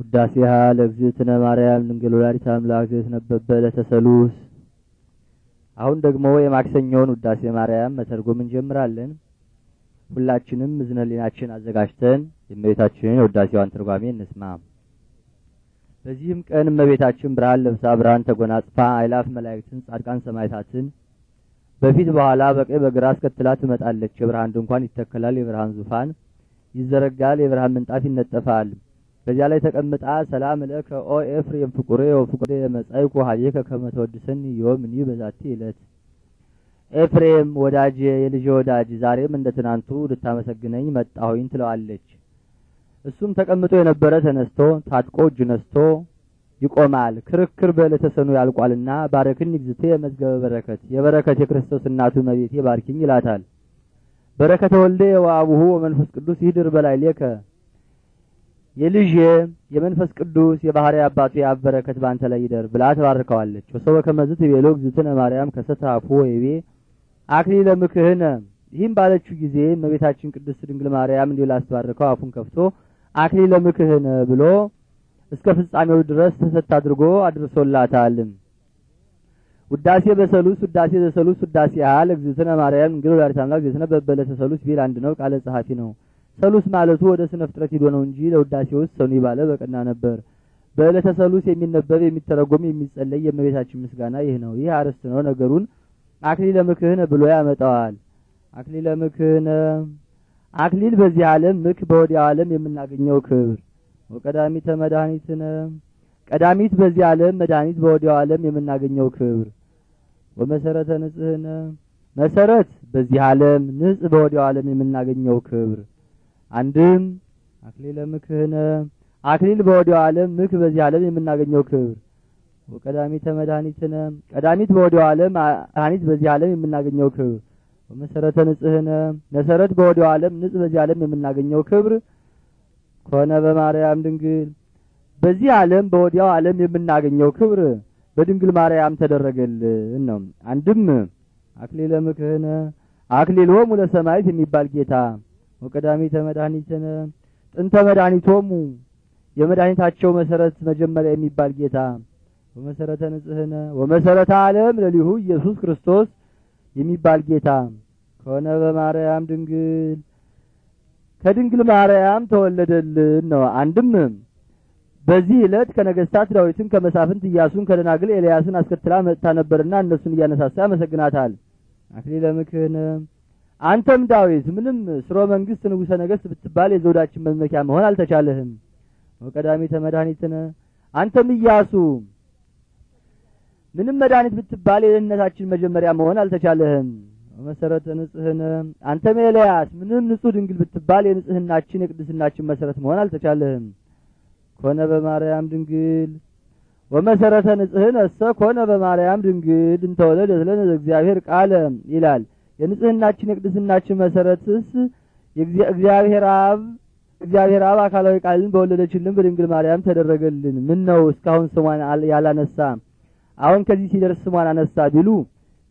ውዳሴሃ ለእግዝእትነ ማርያም ድንግል ወላዲተ አምላክ ዘእትነበበ አሁን ደግሞ የማክሰኞውን ውዳሴ ማርያም መተርጎም እንጀምራለን። ሁላችንም እዝነ ሊናችን አዘጋጅተን የእመቤታችንን የውዳሴዋን ትርጓሜ እንስማ። በዚህም ቀን እመቤታችን ብርሃን ለብሳ ብርሃን ተጎናጽፋ አይላፍ መላእክትን፣ ጻድቃን ሰማይታትን በፊት በኋላ በቀኝ በግራ አስከትላ ትመጣለች። የብርሃን ድንኳን ይተከላል፣ የብርሃን ዙፋን ይዘረጋል፣ የብርሃን ምንጣፍ ይነጠፋል። በዚያ ላይ ተቀምጣ ሰላም ለከ ኦ ኤፍሬም ፍቁሬ ወፍቁሬ መጻይኩ ሀቤከ ከመ ተወድሰኒ ዮም በዛቲ ዕለት ኤፍሬም ወዳጄ የልጄ ወዳጅ ዛሬም እንደ ትናንቱ ልታመሰግነኝ መጣሁኝ ትለዋለች። እሱም ተቀምጦ የነበረ ተነስቶ ታጥቆ እጅ ነስቶ ይቆማል። ክርክር በለተሰኑ ያልቋልና ባረክን ይግዝቴ የመዝገበ በረከት የበረከት የክርስቶስ እናቱ መቤቴ ባርኪኝ ይላታል። በረከተ ወልደ ወአቡሁ ወመንፈስ ቅዱስ ይህድር በላይ ሌከ የልዤ የመንፈስ ቅዱስ የባህሪ አባቱ ያበረከት ባንተ ላይ ይደር ብላ ተባርከዋለች። ወሰወ ከመዝት ቤሎግ ዝትነ ማርያም ከሰታፉ ወይቤ አክሊ ለምክህነ ይህም ባለችው ጊዜ እመቤታችን ቅድስት ድንግል ማርያም እንዲሁ ላስተባርከው አፉን ከፍቶ አክሊ ለምክህነ ብሎ እስከ ፍጻሜው ድረስ ተሰት አድርጎ አድርሶላታል። ውዳሴ በሰሉስ ውዳሴ ዘሰሉስ ውዳሴ ያህል እግዝእትነ ማርያም እንግዲህ ወላዲተ አምላክ እግዝእትነ በበለ ተሰሉስ ቢል አንድ ነው። ቃለ ጸሐፊ ነው። ሰሉስ ማለቱ ወደ ስነ ፍጥረት ሂዶ ነው እንጂ ለውዳሴ ውስጥ ሰኑ ይባለ በቀና ነበር። በዕለተ ሰሉስ የሚነበብ የሚተረጎም፣ የሚጸለይ የእመቤታችን ምስጋና ይህ ነው። ይህ አርዕስት ነው። ነገሩን አክሊለ ምክህነ ብሎ ያመጣዋል። አክሊለ ምክህነ አክሊል በዚህ ዓለም ምክ በወዲያው ዓለም የምናገኘው ክብር ወቀዳሚተ መድኃኒትነ ቀዳሚት በዚህ ዓለም መድኃኒት በወዲያው ዓለም የምናገኘው ክብር ወመሰረተ ንጽህነ መሰረት በዚህ ዓለም ንጽህ በወዲያው ዓለም የምናገኘው ክብር አንድም አክሊለ ምክህነ አክሊል በወዲያው ዓለም ምክ በዚህ ዓለም የምናገኘው ክብር ወቀዳሚተ መድኃኒትነ ቀዳሚት በወዲያው ዓለም መድኃኒት በዚህ ዓለም የምናገኘው ክብር ወመሰረተ ንጽህነ መሰረት በወዲያው ዓለም ንጽህ በዚህ ዓለም የምናገኘው ክብር ከሆነ በማርያም ድንግል በዚህ ዓለም በወዲያው ዓለም የምናገኘው ክብር በድንግል ማርያም ተደረገልን ነው። አንድም አክሊለ ምክህነ አክሊሎሙ ለሰማዕት የሚባል ጌታ ወቀዳሚ መድኃኒትነ ጥንተ መድኃኒቶሙ የመድኃኒታቸው መሰረት መጀመሪያ የሚባል ጌታ ወመሰረተ ንጽህነ ወመሰረተ ዓለም ለሊሁ ኢየሱስ ክርስቶስ የሚባል ጌታ ከሆነ በማርያም ድንግል ከድንግል ማርያም ተወለደልን ነው። አንድም በዚህ ዕለት ከነገስታት ዳዊትን ከመሳፍንት ኢያሱን ከደናግል ኤልያስን አስከትላ መጥታ ነበርና እነሱን እያነሳሳ ያመሰግናታል። አክሊለ ምክህነ አንተም ዳዊት ምንም ስሮ መንግስት ንጉሰ ነገስት ብትባል የዘውዳችን መመኪያ መሆን አልተቻለህም። ወቀዳሚ መድኃኒትነ አንተም እያሱ ምንም መድኃኒት ብትባል የደህንነታችን መጀመሪያ መሆን አልተቻለህም። መሰረተ ንጽህነ አንተም ኤልያስ ምንም ንጹህ ድንግል ብትባል የንጽህናችን የቅድስናችን መሰረት መሆን አልተቻለህም። ኮነ በማርያም ድንግል ወመሰረተ ንጽህን እሰ ኮነ በማርያም ድንግል እንተወለደ ስለነ እግዚአብሔር ቃለ ይላል። የንጽህናችን የቅድስናችን መሰረትስ እግዚአብሔር አብ እግዚአብሔር አብ አካላዊ ቃልን በወለደችልን በድንግል ማርያም ተደረገልን። ምን ነው እስካሁን ስሟን ያላነሳ አሁን ከዚህ ሲደርስ ስሟን አነሳ ቢሉ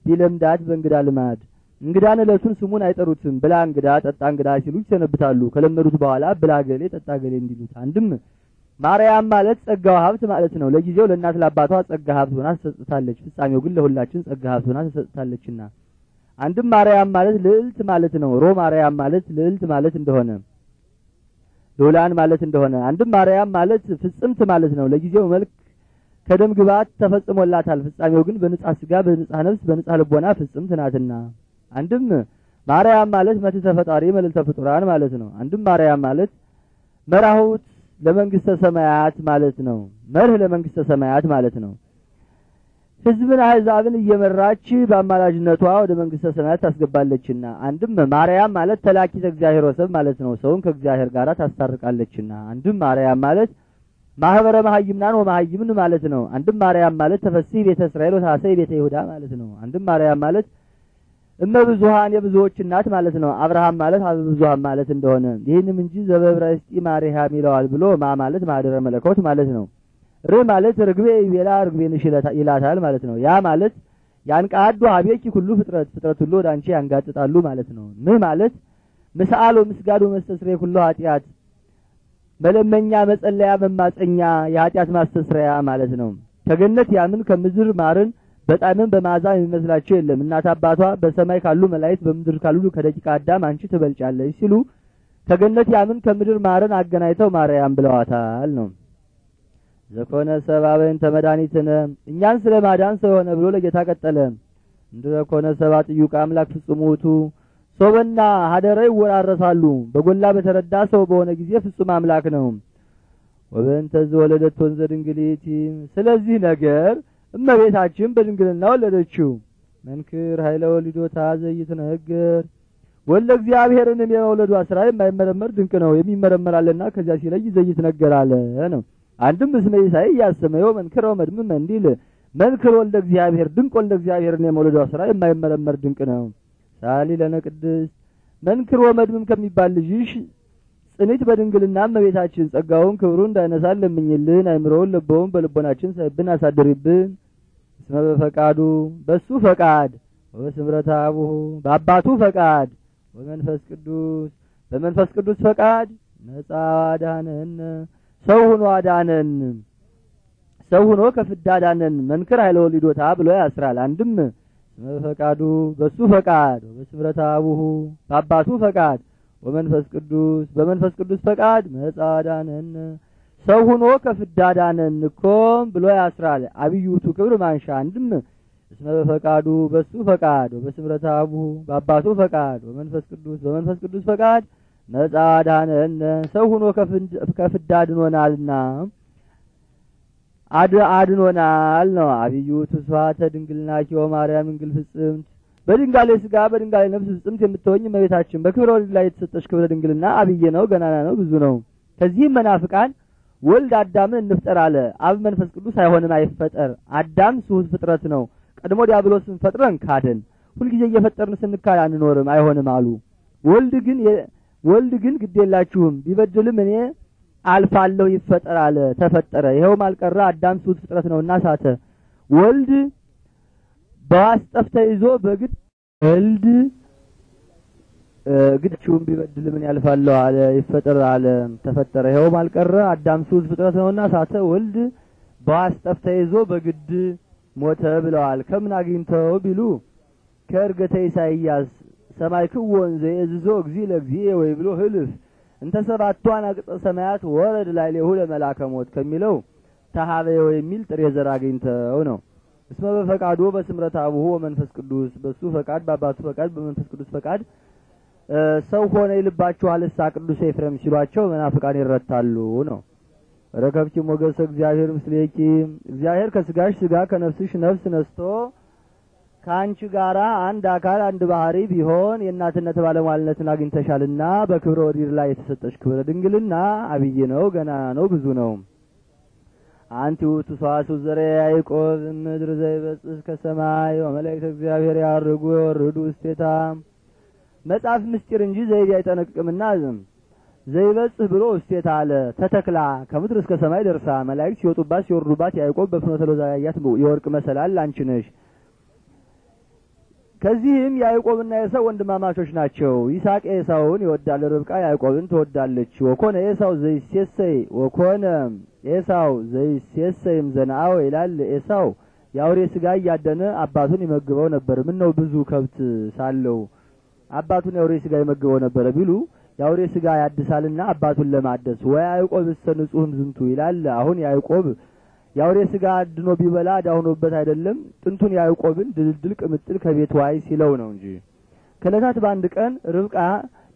ቢለምዳት በእንግዳ ልማድ እንግዳን እለቱን ስሙን አይጠሩትም። ብላ እንግዳ፣ ጠጣ እንግዳ ሲሉ ይሰነብታሉ። ከለመዱት በኋላ ብላ ገሌ፣ ጠጣ ገሌ እንዲሉት አንድም ማርያም ማለት ጸጋው ሀብት ማለት ነው። ለጊዜው ለእናት ለአባቷ ጸጋ ሀብት ሆና ተሰጥታለች። ፍጻሜው ግን ለሁላችን ጸጋ ሀብት ሆና ተሰጥታለችና አንድም ማርያም ማለት ልዕልት ማለት ነው። ሮ ማርያም ማለት ልዕልት ማለት እንደሆነ ሎላን ማለት እንደሆነ አንድም ማርያም ማለት ፍጽምት ማለት ነው። ለጊዜው መልክ ከደም ግባት ተፈጽሞላታል። ፍጻሜው ግን በንጻ ስጋ፣ በንጻ ነፍስ፣ በንጻ ልቦና ፍጽምት ናትና አንድም ማርያም ማለት መት ተፈጣሪ መልዕልተ ፍጡራን ማለት ነው። አንድም ማርያም ማለት መራሁት ለመንግስተ ሰማያት ማለት ነው። መርህ ለመንግስተ ሰማያት ማለት ነው። ህዝብን አህዛብን እየመራች በአማላጅነቷ ወደ መንግስተ ሰማያት ታስገባለችና። አንድም ማርያም ማለት ተላኪተ እግዚአብሔር ወሰብ ማለት ነው። ሰውን ከእግዚአብሔር ጋር ታስታርቃለችና። አንድም ማርያም ማለት ማህበረ መሀይምናን ወመሀይምን ማለት ነው። አንድም ማርያም ማለት ተፈሲ ቤተ እስራኤል ወታሰይ ቤተ ይሁዳ ማለት ነው። አንድም ማርያም ማለት እመ ብዙሀን የብዙዎች እናት ማለት ነው። አብርሃም ማለት አብ ብዙሀን ማለት እንደሆነ ይህንም እንጂ ዘበብረስጢ ማርያም ይለዋል ብሎ ማ ማለት ማደረ መለኮት ማለት ነው። ር ማለት ርግቤ ቤላ ርግቤንሽ ይላታል ማለት ነው። ያ ማለት ያንቃዱ አቤኪ ሁሉ ፍጥረት ፍጥረት ሁሉ ወደ አንቺ ያንጋጥጣሉ ማለት ነው። ም ማለት ምስአሎ ምስጋዶ መስተስሬ ሁሉ ኃጢአት መለመኛ መጸለያ መማፀኛ የኃጢአት ማስተስረያ ማለት ነው። ከገነት ያምን ከምድር ማርን በጣምን በማዛ የሚመስላቸው የለም። እናት አባቷ በሰማይ ካሉ መላእክት በምድር ካሉ ከደቂቀ አዳም አንቺ ትበልጫለች ሲሉ ከገነት ያምን ከምድር ማርን አገናኝተው ማርያም ብለዋታል ነው። ዘኮነ ሰባብን ተመዳኒትነ እኛን ስለ ማዳን ሰው የሆነ ብሎ ለጌታ ቀጠለ። እንድዘኮነ ሰባ ጥዩቅ አምላክ ፍጹም ውእቱ ሀደረ ይወራረሳሉ። በጎላ በተረዳ ሰው በሆነ ጊዜ ፍጹም አምላክ ነው። ወበእንተ ዘወለደት ወንዘ ድንግሊቲ ስለዚህ ነገር እመቤታችን በድንግልና ወለደችው። መንክር ኃይለ ታዘይት ነገር ወለ እግዚአብሔርንም የመውለዷ ስራ የማይመረመር ድንቅ ነው። የሚመረመራልና ከዚያ ሲለይ ነገር አለ ነው አንድም እስመ ኢሳይያስ ሰመዮ መንክረው መድምም እንዲል መንክር ወልደ እግዚአብሔር ድንቅ ወልደ ነው። የመውለዷ ስራ የማይመረመር ድንቅ ነው። ሳሊ ለነ ቅድስት መንክር ወመድምም ከሚባል ልጅሽ ጽንት በድንግልና እመቤታችን ጸጋውን ክብሩን እንዳይነሳን ለምኝልን። አይምሮውን ልቦውን በልቦናችን ሳይብን አሳድሪብን። እስመ በፈቃዱ በሱ ፈቃድ ወስምረተ አቡሁ በአባቱ ፈቃድ ወመንፈስ ቅዱስ በመንፈስ ቅዱስ ፈቃድ ነጻ አዳነነ ሰው ሁኖ አዳነን፣ ሰው ሁኖ ከፍዳ አዳነን። መንክር ኃይለ ብሎ ያስራል። አንድም በፈቃዱ በሱ ፈቃድ በስብረተ አቡሁ በአባቱ ፈቃድ ወመንፈስ ቅዱስ በመንፈስ ቅዱስ ፈቃድ መጻ አዳነን፣ ሰው ሁኖ ከፍዳ አዳነን እኮም ብሎ ያስራል። አብዩቱ ክብር ማንሻ አንድም እስመ በፈቃዱ በሱ ፈቃድ በስብረተ አቡሁ በአባቱ ፈቃድ ወመንፈስ ቅዱስ በመንፈስ ቅዱስ ፈቃድ ነጻ ዳነነ ሰው ሁኖ ከፍዳ አድኖናልና አድ አድኖናል ነው አብዩ ትስፋተ ድንግልናኪዮ ማርያም እንግል ፍጽምት በድንጋሌ ስጋ በድንጋሌ ነፍስ ፍጽምት የምትሆኝ መቤታችን በክብረ ወልድ ላይ የተሰጠች ክብረ ድንግልና አብዬ ነው፣ ገናና ነው፣ ብዙ ነው። ከዚህም መናፍቃን ወልድ አዳምን እንፍጠር አለ። አብ መንፈስ ቅዱስ አይሆንም፣ አይፈጠር። አዳም ስሁት ፍጥረት ነው። ቀድሞ ዲያብሎስን ፈጥረን ካደን። ሁልጊዜ እየፈጠርን ስንካል አንኖርም፣ አይሆንም አሉ። ወልድ ግን ወልድ ግን ግዴላችሁም ቢበድልም እኔ አልፋለሁ ይፈጠራል ተፈጠረ ይኸውም አልቀረ አዳም ሱት ፍጥረት ነውና ሳተ ወልድ በዋስ ጠፍ ተይዞ በግድ ወልድ ግድችሁም ቢበድልም እኔ አልፋለሁ አለ ይፈጠር አለ ተፈጠረ ይኸውም አልቀረ አዳም ስውት ፍጥረት ነውና ሳተ ወልድ በዋስ ጠፍ ተይዞ በግድ ሞተ ብለዋል ከምን አግኝተው ቢሉ ከእርገተ ኢሳይያስ ሰማይ ሰማይክዎ እንዘ የእዝዞ እግዚእ ወይ ብሎ ህልፍ እንተ ሰባቱ አናቅጸ ሰማያት ወረድ ላይ ላዕሌሁ ለመላከ ሞት ከሚለው ተሀበዮ የሚል ጥሬ ዘር አግኝተው ነው። እስመ በፈቃዱ በስምረት አቡሁ ወመንፈስ ቅዱስ በሱ ፈቃድ በአባቱ ፈቃድ በመንፈስ ቅዱስ ፈቃድ ሰው ሆነ ይልባችሁ አልሳ ቅዱስ ኤፍሬም ሲሏቸው መናፍቃን ይረታሉ ነው። ረከብኪ ሞገሰ እግዚአብሔር ምስሌኪ እግዚአብሔር ከስጋሽ ስጋ ከነፍስሽ ነፍስ ነስቶ ከአንቺ ጋር አንድ አካል አንድ ባህሪ ቢሆን የእናትነት ባለሟልነትን አግኝተሻልና በክብረ ወዲር ላይ የተሰጠሽ ክብረ ድንግልና አብይ ነው፣ ገና ነው፣ ብዙ ነው። አንቲ ውእቱ ሰዋስው ዘርአ ያዕቆብ እምድር ዘይበጽሕ ከሰማይ ወመላእክተ እግዚአብሔር ያርጉ የወርዱ ውስቴታ መጽሐፍ ምስጢር እንጂ ዘይቤ አይጠነቅቅምና ዝም ዘይበጽህ ብሎ ውስቴታ አለ። ተተክላ ከምድር እስከ ሰማይ ደርሳ መላእክት ሲወጡባት ሲወርዱባት ያዕቆብ በፍኖተ ሎዛ ያያት የወርቅ መሰላል አንቺ ነሽ። ከዚህም ያዕቆብና ኤሳው ወንድማማቾች ናቸው። ይስሐቅ ኤሳውን ይወዳል፣ ርብቃ ያዕቆብን ትወዳለች። ወኮነ ኤሳው ዘይሴሰይ ወኮነ ኤሳው ዘይሴሰይም ዘነአው ይላል። ኤሳው የአውሬ ስጋ እያደነ አባቱን ይመግበው ነበር። ምን ነው ብዙ ከብት ሳለው አባቱን የአውሬ ስጋ ይመግበው ነበረ ቢሉ የአውሬ ስጋ ያድሳልና አባቱን ለማደስ ወያዕቆብ እሰ ንጹህም ዝንቱ ይላል። አሁን ያዕቆብ የአውሬ ስጋ አድኖ ቢበላ ዳሁኖበት አይደለም ጥንቱን ያዕቆብን ድልድል ቅምጥል ከቤት ዋይ ሲለው ነው እንጂ። ከዕለታት በአንድ ቀን ርብቃ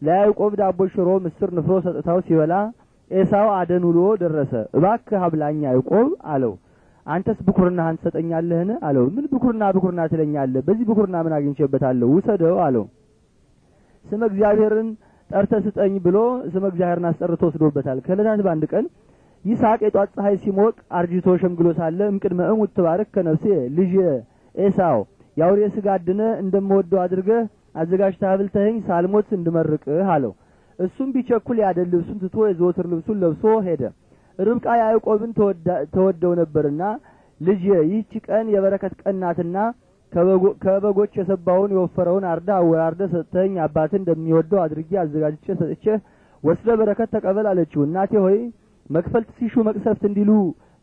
ለያዕቆብ ዳቦ ሽሮ፣ ምስር፣ ንፍሮ ሰጥታው ሲበላ ኤሳው አደን ውሎ ደረሰ። እባክህ አብላኝ ያዕቆብ አለው። አንተስ ብኩርናህን ትሰጠኛለህን አለው። ምን ብኩርና ብኩርና ትለኛለህ? በዚህ ብኩርና ምን አግኝቼበታለሁ? ውሰደው አለው። ስመ እግዚአብሔርን ጠርተ ስጠኝ ብሎ ስመ እግዚአብሔርን አስጠርቶ ወስዶበታል። ከዕለታት በአንድ ቀን ይስሐቅ የጧት ፀሐይ ሲሞቅ አርጅቶ ሸምግሎ ሳለ እምቅድመ እሙት ትባርክ ከነፍሴ ልጅ ኤሳው የአውሬ ስጋ አድነ እንደምወደው አድርገህ አዘጋጅተህ አብልተኸኝ ሳልሞት እንድመርቅህ አለው። እሱም ቢቸኩል ያደል ልብሱን ትቶ የዘወትር ልብሱን ለብሶ ሄደ። ርብቃ ያዕቆብን ተወደው ነበርና ልጅ ይህች ቀን የበረከት ቀን ናትና ከበጎች የሰባውን የወፈረውን አርዳ አወራርደ ሰጥተኝ አባትን እንደሚወደው አድርጌ አዘጋጅቼ ሰጥቼ ወስደ በረከት ተቀበል አለችው። እናቴ ሆይ መክፈልት ሲሹ መቅሰፍት እንዲሉ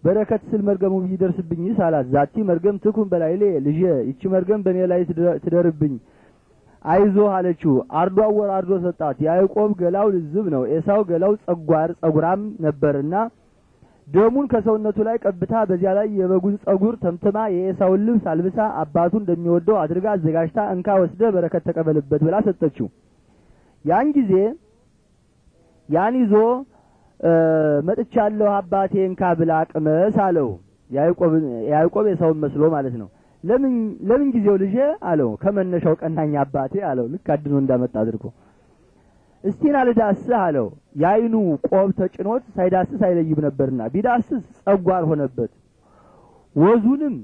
በረከት ስል መርገሙ ይደርስብኝ ሳላት ዛቲ መርገም ትኩን በላይሌ ልጄ ይቺ መርገም በእኔ ላይ ትደርብኝ አይዞ አለችው። አርዶ አርዶ ሰጣት። ያዕቆብ ገላው ልዝብ ነው፣ ኤሳው ገላው ጸጓር ጸጉራም ነበርና ደሙን ከሰውነቱ ላይ ቀብታ በዚያ ላይ የበጉን ጸጉር ተምትማ የኤሳውን ልብስ አልብሳ አባቱ እንደሚወደው አድርጋ አዘጋጅታ እንካ ወስደ በረከት ተቀበልበት ብላ ሰጠችው። ያን ጊዜ ያን ይዞ መጥቻለሁ አባቴ እንካ ብላ ቅመስ አለው። ያዕቆብ የሰውን መስሎ ማለት ነው። ለምን ለምን ጊዜው ልጄ አለው። ከመነሻው ቀናኝ አባቴ አለው። ልክ አድኖ እንዳመጣ አድርጎ እስቲና አልዳስህ አለው። የአይኑ ቆብ ተጭኖት ሳይዳስስ አይለይም ነበርና ቢዳስስ ጸጓር ሆነበት። ወዙንም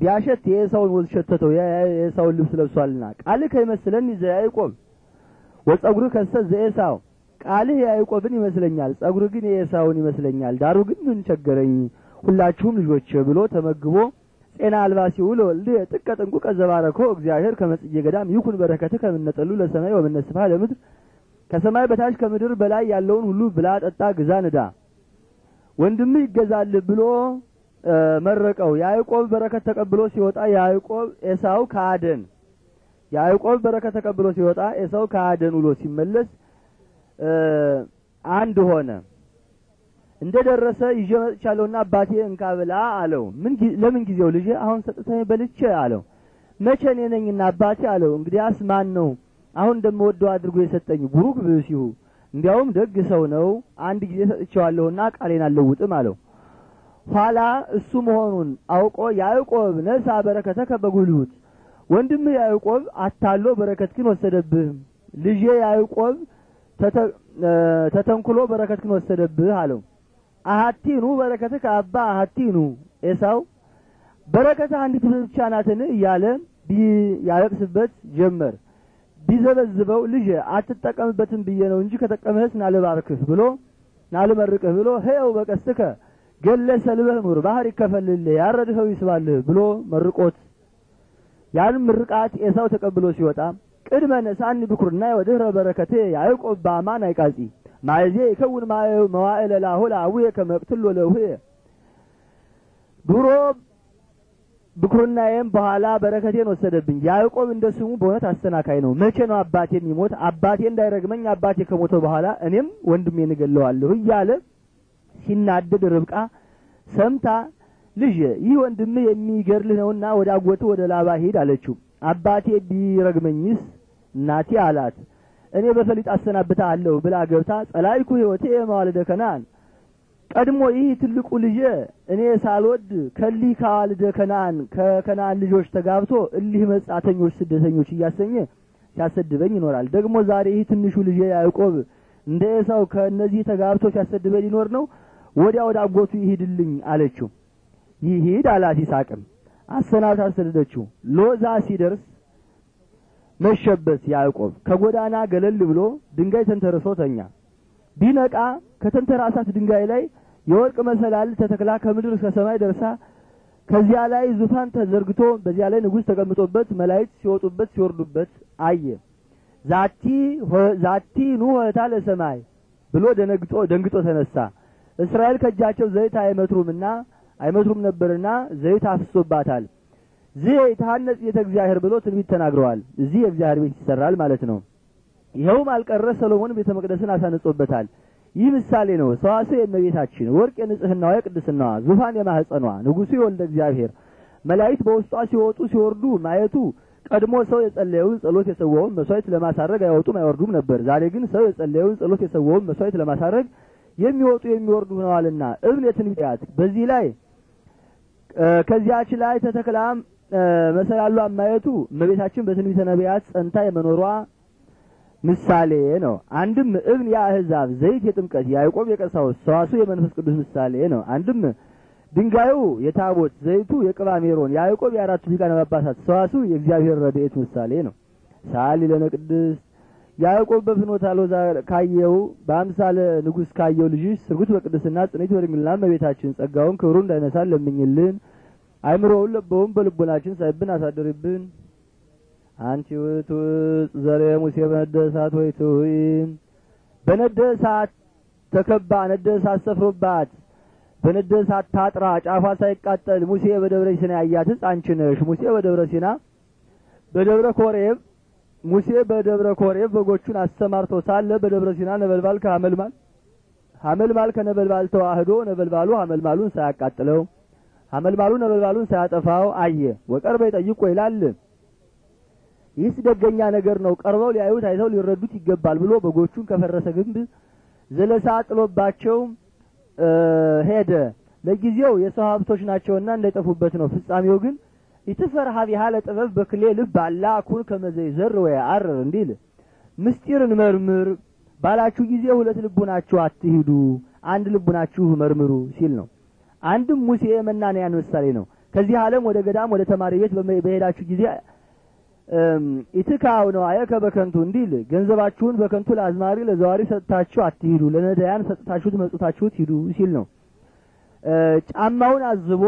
ቢያሸት የሰውን ወዝ ሸተተው፣ የሰውን ልብስ ለብሷልና ቃል ከይመስለን ዘ ያዕቆብ ወጸጉር ከሰ ዘኤሳው ቃልህ የያዕቆብን ይመስለኛል፣ ጸጉር ግን የኤሳውን ይመስለኛል። ዳሩ ግን ምን ቸገረኝ ሁላችሁም ልጆች ብሎ ተመግቦ ጤና አልባ ሲውል ወልድ ጥቀ ጥንቁ ቀዘባረኮ እግዚአብሔር ከመጽዬ ገዳም ይኩን በረከት ከምነጠሉ ለሰማይ ወመነስፋ ለምድር ከሰማይ በታች ከምድር በላይ ያለውን ሁሉ ብላ፣ ጠጣ፣ ግዛ፣ ንዳ ወንድም ይገዛል ብሎ መረቀው። ያዕቆብ በረከት ተቀብሎ ሲወጣ ያዕቆብ ኤሳው ከአደን ያዕቆብ በረከት ተቀብሎ ሲወጣ ኤሳው ከአደን ውሎ ሲመለስ አንድ ሆነ። እንደ ደረሰ ይዤ መጥቻለሁና አባቴ እንካ ብላ አለው። ለምን ጊዜው ልጅ አሁን ሰጥተህ በልቼ አለው። መቼ እኔ ነኝና አባቴ አለው። እንግዲያስ ማን ነው አሁን እንደምወደው አድርጎ የሰጠኝ? ቡሩክ ብእሲሁ እንዲያውም ደግ ሰው ነው። አንድ ጊዜ ሰጥቼዋለሁና ቃሌን አልለውጥም አለው። ኋላ እሱ መሆኑን አውቆ ያዕቆብ ነሳ በረከተ በጉልት ወንድምህ ያዕቆብ አታሎ ግን ወሰደብህም ልጄ ያዕቆብ ተተንኩሎ በረከትክን ወሰደብህ አለው። አሀቲኑ በረከትህ ከአባ አሀቲኑ ኤሳው በረከትህ አንዲት ብቻ ናትን እያለ ያለቅስበት ጀመር። ቢዘበዝበው ልጅ አትጠቀምበትም ብዬ ነው እንጂ ከጠቀምህስ ናልባርክህ ብሎ ናልመርቅህ ብሎ ሄው በቀስከ ገለ ሰልበህ ኑር ባህር ይከፈልልህ ያረድኸው ይስባልህ ብሎ መርቆት ያን ምርቃት ኤሳው ተቀብሎ ሲወጣ ቅድመ ነሳኒ ብኩርና ወድህረ በረከቴ ያዕቆብ በአማን አይቃጺ ማእዜ ይከውን መዋእለ ላሆላ አቡየ ከመቅትሎ ለውህየ ድሮ ብኩርናዬም በኋላ በረከቴን ወሰደብኝ። ያዕቆብ እንደ ስሙ በእውነት አስተናካይ ነው። መቼ ነው አባቴ የሚሞት? አባቴ እንዳይረግመኝ አባቴ ከሞተ በኋላ እኔም ወንድሜ እገለዋለሁ እያለ ሲናደድ ርብቃ ሰምታ ልጅ ይህ ወንድምህ የሚገርልህ ነውና ወደ አጎትህ ወደ ላባ ሂድ አለችው። አባቴ ቢረግመኝስ እናቴ አላት እኔ በፈሊጥ አሰናብታለሁ ብላ ገብታ ጸላይኩ ሕይወቴ መዋልደ ከነአን ቀድሞ ይህ ትልቁ ልጄ እኔ ሳልወድ ከሊህ ከዋልደ ከነአን ከከነአን ልጆች ተጋብቶ እሊህ መጻተኞች ስደተኞች እያሰኘ ሲያሰድበኝ ይኖራል። ደግሞ ዛሬ ይህ ትንሹ ልጄ ያዕቆብ እንደ ኤሳው ከእነዚህ ተጋብቶ ሲያሰድበኝ ሊኖር ነው። ወዲያ ወደ አጎቱ ይሂድልኝ አለችው። ይሂድ አላት። ይሳቅም አሰናብታ አሰደደችው። ሎዛ ሲደርስ መሸበት ያዕቆብ ከጎዳና ገለል ብሎ ድንጋይ ተንተርሶ ተኛ። ቢነቃ ከተንተራሳት ድንጋይ ላይ የወርቅ መሰላል ተተክላ ከምድር እስከ ሰማይ ደርሳ ከዚያ ላይ ዙፋን ተዘርግቶ በዚያ ላይ ንጉሥ ተቀምጦበት መላእክት ሲወጡበት ሲወርዱበት አየ። ዛቲ ዛቲ ኑሆታ ለሰማይ ብሎ ደንግጦ ደንግጦ ተነሳ። እስራኤል ከእጃቸው ዘይት አይመትሩምና አይመስሉም ነበርና ዘይት አፍሶባታል። ዚህ የተሐነጽ ቤተ እግዚአብሔር ብሎ ትንቢት ተናግረዋል። እዚህ የእግዚአብሔር ቤት ይሰራል ማለት ነው። ይኸውም አልቀረ ሰሎሞን ቤተ መቅደስን አሳንጾበታል። ይህ ምሳሌ ነው። ሰዋስው የእመቤታችን ወርቅ የንጽህናዋ የቅድስናዋ ዙፋን የማህፀኗ ንጉሱ የወልደ እግዚአብሔር መላእክት በውስጧ ሲወጡ ሲወርዱ ማየቱ ቀድሞ ሰው የጸለየውን ጸሎት የሰዋውን መስዋዕት ለማሳረግ አይወጡም አይወርዱም ነበር። ዛሬ ግን ሰው የጸለየውን ጸሎት የሰዋውን መስዋዕት ለማሳረግ የሚወጡ የሚወርዱ ሆነዋልና እብን የትንቢት በዚህ ላይ ከዚያች ላይ ተተክላም መሰላሏን አማየቱ እመቤታችን በትንቢተ ነቢያት ጸንታ የመኖሯ ምሳሌ ነው። አንድም እብን የአህዛብ ዘይት የጥምቀት ያዕቆብ የቀሳውስት ሰዋሱ የመንፈስ ቅዱስ ምሳሌ ነው። አንድም ድንጋዩ የታቦት ዘይቱ የቅባ ሜሮን ያዕቆብ የአራቱ ሊቃነ ጳጳሳት ሰዋሱ የእግዚአብሔር ረድኤት ምሳሌ ነው። ሳሊ ለነ ቅድስት ያዕቆብ በፍኖተ ሎዛ ካየው በአምሳለ ንጉስ ካየው ልጅሽ ስርጉት በቅድስና ጽንዕት ወደሚልና እመቤታችን ጸጋውን ክብሩ እንዳይነሳ ለምኝልን። አይምሮውን ለበውን በልቦናችን ሳይብን አሳድርብን። አንቺ ውእቱ ዘርየ ሙሴ በነደ እሳት ወይትሁይ በነደ እሳት ተከባ ነደ እሳት ሰፍሮባት በነደ እሳት ታጥራ ጫፏ ሳይቃጠል ሙሴ በደብረ ሲና ያያት አንቺ ነሽ ሙሴ በደብረ ሲና በደብረ ኮሬብ ሙሴ በደብረ ኮሬብ በጎቹን አሰማርቶ ሳለ በደብረ ሲና ነበልባል ከሀመልማል ሀመልማል ከነበልባል ተዋህዶ ነበልባሉ ሀመልማሉን ሳያቃጥለው ሀመልማሉ ነበልባሉን ሳያጠፋው አየ። ወቀርበ ይጠይቆ ይላል። ይህስ ደገኛ ነገር ነው፣ ቀርበው ሊያዩት አይተው ሊረዱት ይገባል ብሎ በጎቹን ከፈረሰ ግንብ ዘለሳ ጥሎባቸው ሄደ። ለጊዜው የሰው ሀብቶች ናቸውና እንዳይጠፉበት ነው። ፍጻሜው ግን ኢትፈር ሀቢሃ ለጥበብ በክሌ ልብ አላ አኩን ከመዘይዘር ወይ አርር እንዲል ምስጢርን መርምር ባላችሁ ጊዜ ሁለት ልቡናችሁ አትሂዱ፣ አንድ ልቡናችሁ መርምሩ ሲል ነው። አንድም ሙሴ መናንያን ምሳሌ ነው። ከዚህ ዓለም ወደ ገዳም ወደ ተማሪ ቤት በሄዳችሁ ጊዜ ኢትካው ነው አየከ በከንቱ እንዲል ገንዘባችሁን በከንቱ ለአዝማሪ ለዘዋሪ ሰጥታችሁ አትሂዱ፣ ለነዳያን ሰጥታችሁት መጽታችሁት ሂዱ ሲል ነው። ጫማውን አዝቦ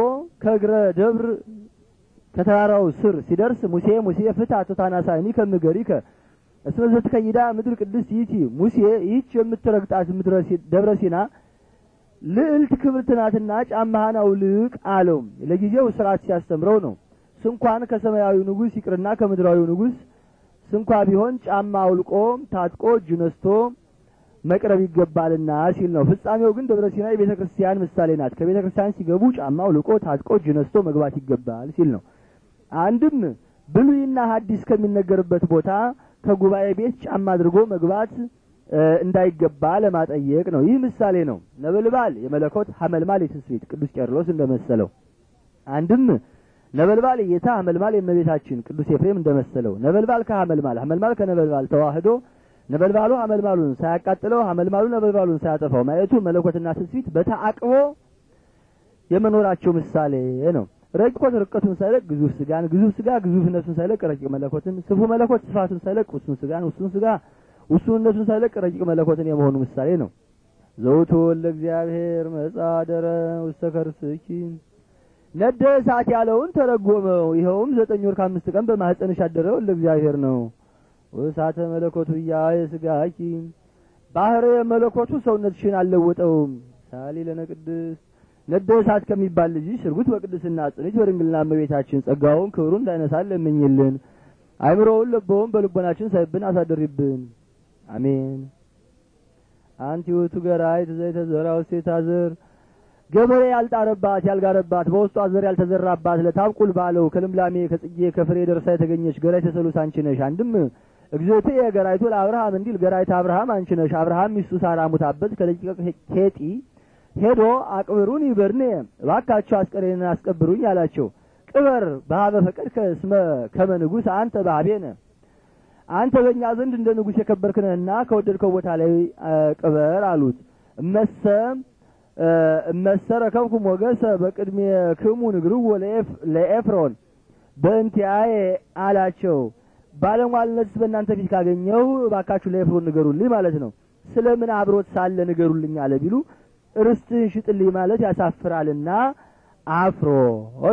ከእግረ ደብር ከተራራው ስር ሲደርስ ሙሴ ሙሴ ፍታ ቶታናሳኒ ከምገሪከ እስመ ዘትከይዳ ምድር ቅድስት ይቲ ሙሴ ይህች የምትረግጣት ምድረ ደብረ ሲና ልዕልት ክብርት ናትና ጫማህን አውልቅ አለው። ለጊዜው ስርዓት ሲያስተምረው ነው። ስንኳን ከሰማያዊው ንጉሥ ይቅርና ከምድራዊ ንጉሥ ስንኳ ቢሆን ጫማ አውልቆ ታጥቆ እጁ ነስቶ መቅረብ ይገባልና ሲል ነው። ፍጻሜው ግን ደብረ ሲና የቤተ ክርስቲያን ምሳሌ ናት። ከቤተ ክርስቲያን ሲገቡ ጫማ አውልቆ ታጥቆ እጁ ነስቶ መግባት ይገባል ሲል ነው። አንድም ብሉይና ሐዲስ ከሚነገርበት ቦታ ከጉባኤ ቤት ጫማ አድርጎ መግባት እንዳይገባ ለማጠየቅ ነው። ይህ ምሳሌ ነው። ነበልባል የመለኮት ሀመልማል የትስብእት ቅዱስ ቄርሎስ እንደመሰለው አንድም ነበልባል የጌታ ሀመልማል የእመቤታችን ቅዱስ ኤፍሬም እንደመሰለው ነበልባል ከሀመልማል ሀመልማል ከነበልባል ተዋህዶ ነበልባሉ ሀመልማሉን ሳያቃጥለው ሀመልማሉ ነበልባሉን ሳያጠፋው ማየቱ መለኮትና ትስብእት በተአቅቦ የመኖራቸው ምሳሌ ነው። ረቂቆት ርቀቱን ሳይለቅ ግዙፍ ስጋን፣ ግዙፍ ስጋ ግዙፍነቱን ሳይለቅ ረቂቅ መለኮትን፣ ስፉ መለኮት ስፋቱን ሳይለቅ ውሱን ስጋን፣ ውሱን ስጋ ውሱንነቱን ሳይለቅ ረቂቅ መለኮትን የመሆኑ ምሳሌ ነው። ዘውቱ ወልደ እግዚአብሔር መጽአ ደረ ውስተ ከርስኪ ነደ እሳት ያለውን ተረጎመው። ይኸውም ዘጠኝ ወር ከአምስት ቀን በማህፀንሽ ያደረ ወልደ እግዚአብሔር ነው። ወእሳተ መለኮቱ ያየ ስጋኪ ባህረ መለኮቱ ሰውነትሽን አልለወጠውም። ሳሊ ለነ ቅድስት ነደሳት ከሚባል ልጅ ሽርጉት በቅድስና ጽንት በድንግልና እመቤታችን ጸጋውን ክብሩን እንዳይነሳል ለምኝልን። አይምሮውን ልቦውን በልቦናችን ሳይብን አሳድሪብን። አሜን። አንቲ ውእቱ ገራይ ተዘይተ ዘራ ውስቴ ገበሬ ያልጣረባት ያልጋረባት በውስጧ ዘር ያልተዘራባት ለታብቁል ባለው ከልምላሜ ከጽጌ ከፍሬ ደርሳ የተገኘች ገራይ ተሰሉስ አንቺ ነሽ። አንድም እግዝእትየ የገራይቱ ለአብርሃም እንዲል ገራይት አብርሃም አንቺ ነሽ። አብርሃም ሚስቱ ሳራ ሙታበት ከደቂቀ ኬጢ ሄዶ አቅብሩን ይበርን እባካችሁ አስቀሬን አስቀብሩኝ አላቸው። ቅበር በሀበ ፈቀድ ከስመ ከመ ንጉሥ አንተ በሀቤነ አንተ በእኛ ዘንድ እንደ ንጉሥ የከበርክነህና ከወደድከው ቦታ ላይ ቅበር አሉት። እመሰ እመሰ ረከብኩም ወገሰ በቅድሜ ክሙ ንግሩ ለኤፍሮን በእንቲአዬ አላቸው። ባለሟልነትስ በእናንተ ፊት ካገኘው እባካችሁ ለኤፍሮን ንገሩልኝ ማለት ነው። ስለምን አብሮት ሳለ ንገሩልኝ አለ ቢሉ ርስትህን ሽጥልኝ ማለት ያሳፍራልና አፍሮ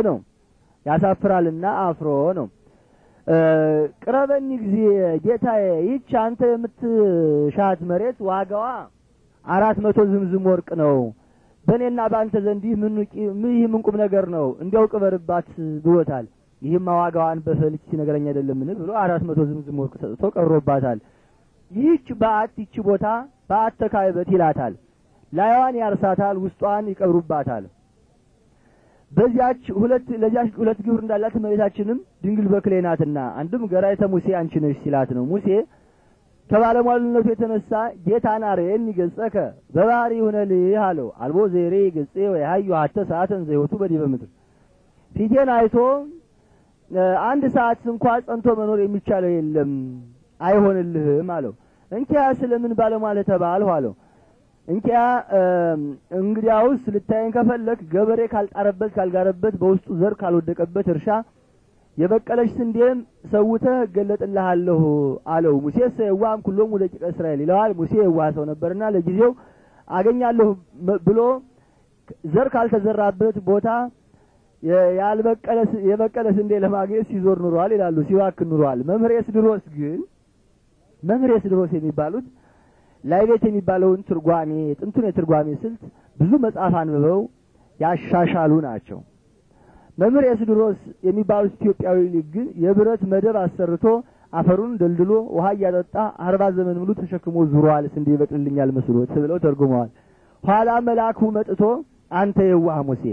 ነው። ያሳፍራልና አፍሮ ነው። ቅረበኒ ጊዜ ጌታዬ፣ ይች አንተ የምትሻት መሬት ዋጋዋ አራት መቶ ዝምዝም ወርቅ ነው። በእኔና በአንተ ዘንድ ይህ ምን ቁም ነገር ነው? እንዲያው ቅበርባት ብሎታል። ይህማ ዋጋዋን በፈልግ ሲነገረኝ አይደለምን ብሎ አራት መቶ ዝምዝም ወርቅ ሰጥቶ ቀብሮባታል። ይህች በአት ይቺ ቦታ በአት ተካይበት ይላታል። ላይዋን ያርሳታል፣ ውስጧን ይቀብሩባታል። በዚያች ሁለት ለዚያች ሁለት ግብር እንዳላት እመቤታችንም ድንግል በክሌ ናትና አንድም ገራይተ ሙሴ አንቺ ነሽ ሲላት ነው። ሙሴ ከባለሟልነቱ የተነሳ ጌታን አርየኒ ገጸከ በባህሪ ይሁነልህ አለው። አልቦ ዜሬ ገጼ ወይ ሀዩ ሀተ ሰዓትን ዘይወቱ በዲበ ምድር ፊቴን አይቶ አንድ ሰዓት እንኳ ጸንቶ መኖር የሚቻለው የለም አይሆንልህም አለው። እንኪያ ስለምን ባለሟል ተባልሁ አለው። እንኪያ እንግዲያውስ ልታየን ከፈለክ ገበሬ ካልጣረበት ካልጋረበት በውስጡ ዘር ካልወደቀበት እርሻ የበቀለች ስንዴም ሰውተ እገለጥልሃለሁ አለው። ሙሴ ሰየዋም ኩሎም ለቂቀ እስራኤል ይለዋል። ሙሴ የዋህ ሰው ነበርና ለጊዜው አገኛለሁ ብሎ ዘር ካልተዘራበት ቦታ ያልበቀለ የበቀለ ስንዴ ለማግኘት ሲዞር ኑሯል ይላሉ፣ ሲዋክ ኑሯል። መምህሬስ ድሮስ ግን መምህሬስ ድሮስ የሚባሉት ላይቤት የሚባለውን ትርጓሜ የጥንቱን የትርጓሜ ስልት ብዙ መጽሐፍ አንብበው ያሻሻሉ ናቸው። መምህር ኤስድሮስ የሚባሉት ኢትዮጵያዊ ግን የብረት መደብ አሰርቶ አፈሩን ደልድሎ ውሃ እያጠጣ አርባ ዘመን ሙሉ ተሸክሞ ዙሯል። ስንዴ ይበቅልልኛል መስሎት ብለው ተርጉመዋል። ኋላ መልአኩ መጥቶ አንተ የዋህ ሙሴ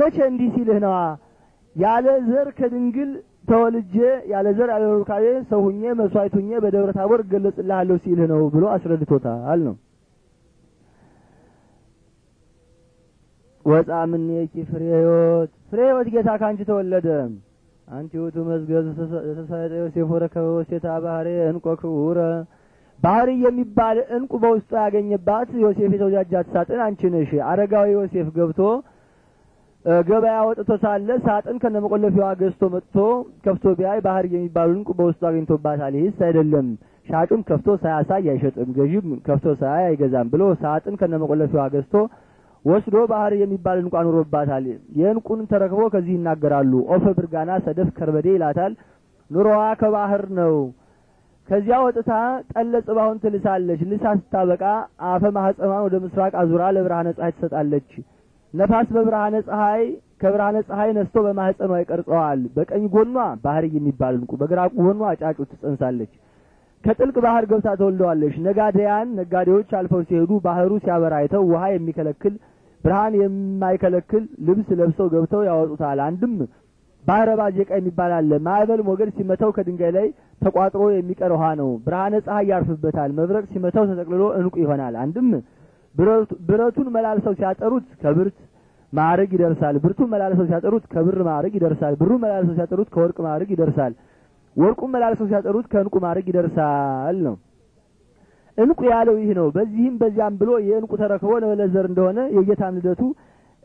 መቼ እንዲህ ሲልህ ነዋ ያለ ዘር ከድንግል ተወልጄ ያለ ዘር ያለ ሩካቤ ሰው ሁኜ መስዋዕት ሁኜ በደብረ ታቦር እገለጽልሃለሁ ነው ብሎ አስረድቶታል ነው ወጣ ምን ፍሬ ሕይወት ፍሬ ህይወት ጌታ ካንቺ ተወለደ አንቲ ውእቱ መዝገብ ተሰጠ ዮሴፍ ወረከበ ሴታ ባህሬ እንቆ ባህሪ የሚባል እንቁ በውስጡ ያገኘባት ዮሴፍ የተወጃጃት ሳጥን አንቺ ነሽ። አረጋዊ ዮሴፍ ገብቶ ገበያ ወጥቶ ሳለ ሳጥን ከነመቆለፊያዋ ገዝቶ መጥቶ ከፍቶ ቢያይ ባህር የሚባል ዕንቁ በውስጡ አግኝቶባታል። ይህስ አይደለም ሻጩም ከፍቶ ሳያሳይ አይሸጥም፣ ገዢም ከፍቶ ሳያይ አይገዛም ብሎ ሳጥን ከነመቆለፊያዋ ገዝቶ ወስዶ ባህር የሚባል ዕንቁ ኑሮባታል። የእንቁን ተረክቦ ከዚህ ይናገራሉ። ኦፈ ብርጋና ሰደፍ ከርበዴ ይላታል። ኑሮዋ ከባህር ነው። ከዚያ ወጥታ ጠለጽ ባሁን ትልሳለች። ልሳ ስታበቃ አፈ ማህፀኗን ወደ ምስራቅ አዙራ ለብርሃነ ፀሐይ ትሰጣለች። ነፋስ በብርሃነ ፀሐይ ከብርሃነ ፀሐይ ነስቶ በማህፀኗ ይቀርጸዋል። በቀኝ ጎኗ ባህር የሚባል እንቁ፣ በግራ ጎኗ ጫጩት ትጸንሳለች። ከጥልቅ ባህር ገብታ ተወልደዋለች። ነጋዴያን ነጋዴዎች አልፈው ሲሄዱ ባህሩ ሲያበራ አይተው ውሃ የሚከለክል ብርሃን የማይከለክል ልብስ ለብሰው ገብተው ያወጡታል። አንድም ባህረ ባዜቃ የሚባል አለ። ማዕበል ሞገድ ሲመታው ከድንጋይ ላይ ተቋጥሮ የሚቀር ውሃ ነው። ብርሃነ ፀሐይ ያርፍበታል። መብረቅ ሲመታው ተጠቅልሎ እንቁ ይሆናል። አንድም ብረቱን መላልሰው ሲያጠሩት ከብርት ማዕረግ ይደርሳል። ብርቱን መላልሰው ሲያጠሩት ከብር ማዕረግ ይደርሳል። ብሩን መላልሰው ሲያጠሩት ከወርቅ ማዕረግ ይደርሳል። ወርቁን መላልሰው ሲያጠሩት ከእንቁ ማዕረግ ይደርሳል ነው። እንቁ ያለው ይህ ነው። በዚህም በዚያም ብሎ የእንቁ ተረክቦ እንበለዘር እንደሆነ የጌታ ልደቱ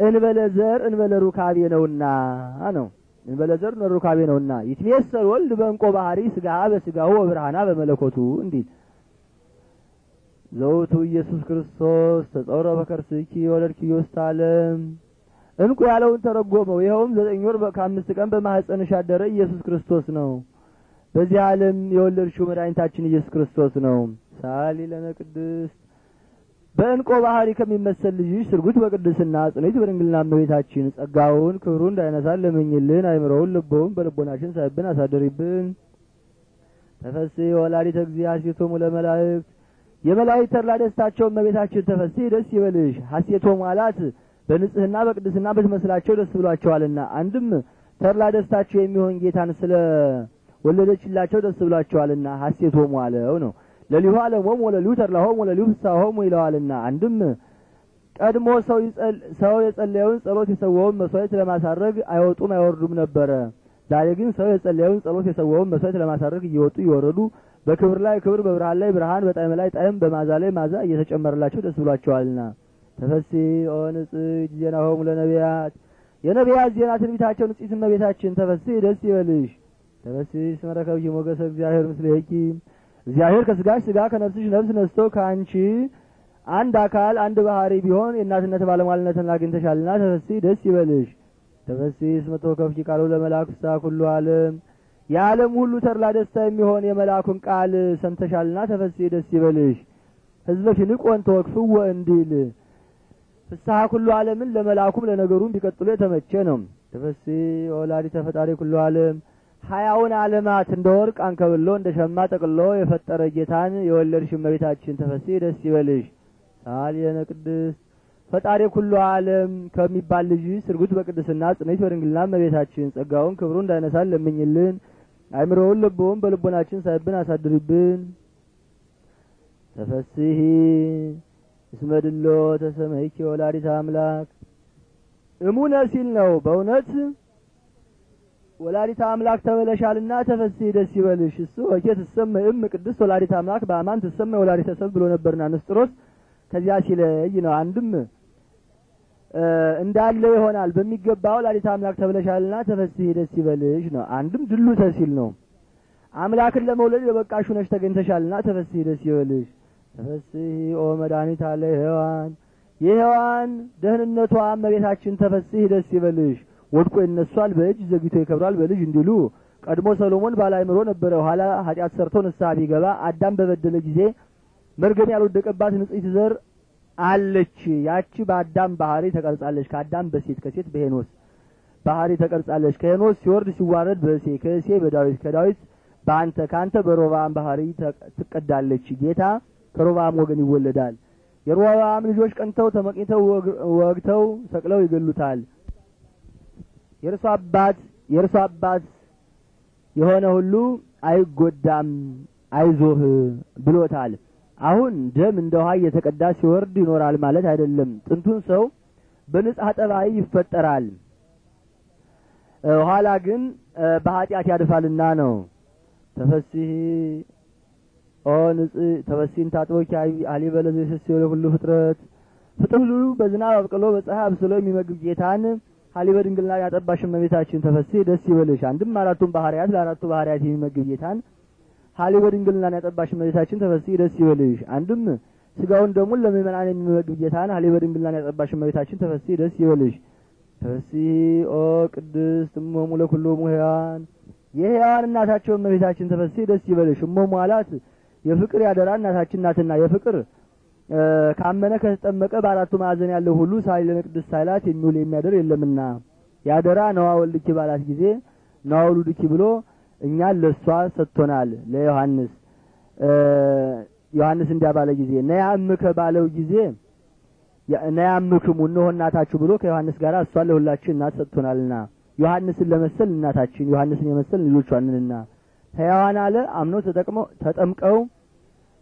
እንበለዘር እንበለ ሩካቤ ነውና ነው። እንበለዘር እንበለ ሩካቤ ነውና ይትሜሰል ወልድ በእንቆ ባህሪ ስጋ በስጋው ወብርሃና በመለኮቱ እንዲል ዘውቱ ኢየሱስ ክርስቶስ ተጸውረ በከርስኪ ወለድኪ ውስተ ዓለም እንቁ ያለውን ተረጎመው። ይኸውም ዘጠኝ ወር ከአምስት ቀን በማህፀንሽ ያደረ ኢየሱስ ክርስቶስ ነው። በዚህ ዓለም የወለድሽው መድኃኒታችን ኢየሱስ ክርስቶስ ነው። ሳሊ ለነ ቅድስት በእንቆ ባህሪ ከሚመሰል ልጅሽ ስርጉት በቅድስና ጽንዕት በድንግልና እመቤታችን ጸጋውን ክብሩን እንዳይነሳን ለመኝልን። አይምረውን ልቦውን በልቦናችን ሳይብን አሳደሪብን። ተፈሥሒ ወላዲተ እግዚእ አሴቶሙ ለመላእክት የበላይ ተድላ ደስታቸው መቤታችን ተፈሲ ደስ ይበልሽ ሀሴቶ ማላት በንጽህና በቅድስና ብትመስላቸው ደስ ብሏቸዋልና አንድም ተድላ ደስታቸው የሚሆን ጌታን ስለ ወለደችላቸው ደስ ብሏቸዋልና ሀሴቶ ሟለው ነው ለሊሁ ዓለሞም ወለሊሁ ተድላሆም ወለሊሁ ፍሳሆም ይለዋልና አንድም ቀድሞ ሰው ሰው የጸለየውን ጸሎት የሰዋውን መስዋዕት ለማሳረግ አይወጡም አይወርዱም ነበረ። ዛሬ ግን ሰው የጸለየውን ጸሎት የሰዋውን መስዋዕት ለማሳረግ እየወጡ እየወረዱ በክብር ላይ ክብር፣ በብርሃን ላይ ብርሃን፣ በጣዕም ላይ ጣዕም፣ በማዛ ላይ ማዛ እየተጨመረላቸው ደስ ብሏቸዋልና ተፈሲ ኦን ጽጅ ዜናሆሙ ለነቢያት የነቢያት ዜና ትንቢታቸው ንጽሕት እመቤታችን ተፈሲ ደስ ይበልሽ። ተፈሲ ስመረከብ ረከብኪ ሞገሰ እግዚአብሔር ህቂ እግዚአብሔር ከስጋሽ ስጋ ከነፍስሽ ነፍስ ነስቶ ከአንቺ አንድ አካል አንድ ባህሪ ቢሆን የእናትነት ባለሟልነትን አግኝተሻልና ተፈሲ ደስ ይበልሽ። ተፈሲ ስመቶ ከፍቺ ቃሉ ለመልአክ ፍስሐ ኩሉ ዓለም የዓለም ሁሉ ተድላ ደስታ የሚሆን የመልአኩን ቃል ሰምተሻልና ተፈሥሒ ደስ ይበልሽ ህዝበሽ ንቆን ተወክፍወ እንዲል ፍስሐ ኩሉ ዓለምን ለመልአኩም ለነገሩም ቢቀጥሎ የተመቸ ነው። ተፈሥሒ ወላዲተ ፈጣሪ ኩሉ ዓለም ሀያውን ዓለማት እንደ ወርቅ አንከብሎ እንደ ሸማ ጠቅሎ የፈጠረ ጌታን የወለድሽ እመቤታችን ተፈሥሒ ደስ ይበልሽ። ሰአሊነ ቅድስት ፈጣሪ ኩሉ ዓለም ከሚባል ልጅ ስርጉት በቅድስና ጽንዕት በድንግልና እመቤታችን ጸጋውን ክብሩ እንዳይነሳን ለምኝልን። አይምሮውን ልቦውን በልቦናችን ሳይብን አሳድርብን። ተፈስሂ እስመድሎ ተሰመይኪ ወላዲት አምላክ እሙነ ሲል ነው። በእውነት ወላዲት አምላክ ተበለሻልና ተፈስሂ ደስ ይበልሽ። እሱ ወኬ ትሰመ እም ቅድስት ወላዲት አምላክ በአማን ትሰመ ወላዲተ ሰብ ብሎ ነበርና ንስጥሮስ ከዚያ ሲለይ ነው አንድም እንዳለ ይሆናል። በሚገባው ላዲት አምላክ ተብለሻልና ተፈስሒ ደስ ይበልሽ ነው። አንድም ድሉ ተሲል ነው። አምላክን ለመውለድ የበቃሽ ሆነሽ ተገኝተሻልና ተፈስሒ ደስ ይበልሽ። ተፈስሒ ኦ መድኃኒት አለ ሔዋን የሔዋን ደህንነቷ እመቤታችን ተፈስሒ ደስ ይበልሽ። ወድቆ ይነሷል በእጅ ዘግይቶ ይከብራል በልጅ እንዲሉ ቀድሞ ሰሎሞን ባላይምሮ ነበረ። ኋላ ኃጢአት ሰርቶ ንስሐ ቢገባ አዳም በበደለ ጊዜ መርገም ያልወደቀባት ንጽሕት ዘር አለች ያቺ በአዳም ባህሪ ተቀርጻለች ከአዳም በሴት ከሴት በሄኖስ ባህሪ ተቀርጻለች ከሄኖስ ሲወርድ ሲዋረድ በእሴ ከእሴ በዳዊት ከዳዊት በአንተ ከአንተ በሮባም ባህሪ ትቀዳለች ጌታ ከሮባም ወገን ይወለዳል የሮባም ልጆች ቀንተው ተመቅኝተው ወግተው ሰቅለው ይገሉታል የእርሱ አባት የእርሱ አባት የሆነ ሁሉ አይጎዳም አይዞህ ብሎታል አሁን ደም እንደ ውሃ እየተቀዳ ሲወርድ ይኖራል ማለት አይደለም። ጥንቱን ሰው በንጽሐ ጠባይ ይፈጠራል፣ ኋላ ግን በኃጢአት ያድፋልና ነው። ተፈሲሂ ኦ ንጽሕ ተፈሲን ታጥቦኪ አሊበ ለዘይሰስዮ ለሁሉ ፍጥረት ፍጥር ሁሉ በዝናብ አብቅሎ በፀሐይ አብስሎ የሚመግብ ጌታን ሀሊበ ድንግልና ያጠባሽ እመቤታችን ተፈሲ ደስ ይበልሽ። አንድም አራቱን ባህርያት ለአራቱ ባህርያት የሚመግብ ጌታን ሀሌ በድንግልናን ያጠባሽ እመቤታችን ተፈሥሒ ደስ ይበልሽ። አንድም ስጋውን ደሙን ለምእመናን የሚመግብ ጌታን ሀሌ በድንግልናን ያጠባሽ እመቤታችን ተፈሥሒ ደስ ይበልሽ። ተፈሥሒ ኦ ቅድስት እሞሙ ለኵሎሙ ሕያዋን የሕያዋን እናታቸው እመቤታችን ተፈሥሒ ደስ ይበልሽ። እሞሙ አላት የፍቅር ያደራ እናታችን እናትና የፍቅር ካመነ ከተጠመቀ በአራቱ ማዕዘን ያለው ሁሉ ሳይለ መቅደስ ሳይላት የሚውል የሚያደር የለምና ያደራ ነዋ ወልድኪ ባላት ጊዜ ነዋ ውሉድኪ ብሎ እኛ ለእሷ ሰጥቶናል ለዮሐንስ ዮሐንስ እንዲያ ባለ ጊዜ ነያምከ ባለው ጊዜ ነያምክሙ እነሆ እናታችሁ ብሎ ከዮሐንስ ጋር እሷን ለሁላችን እናት ሰጥቶናልና ዮሐንስን ለመሰል እናታችን ዮሐንስን የመሰል ልጆቿንንና ሕያዋን አለ አምኖ ተጠቅመው ተጠምቀው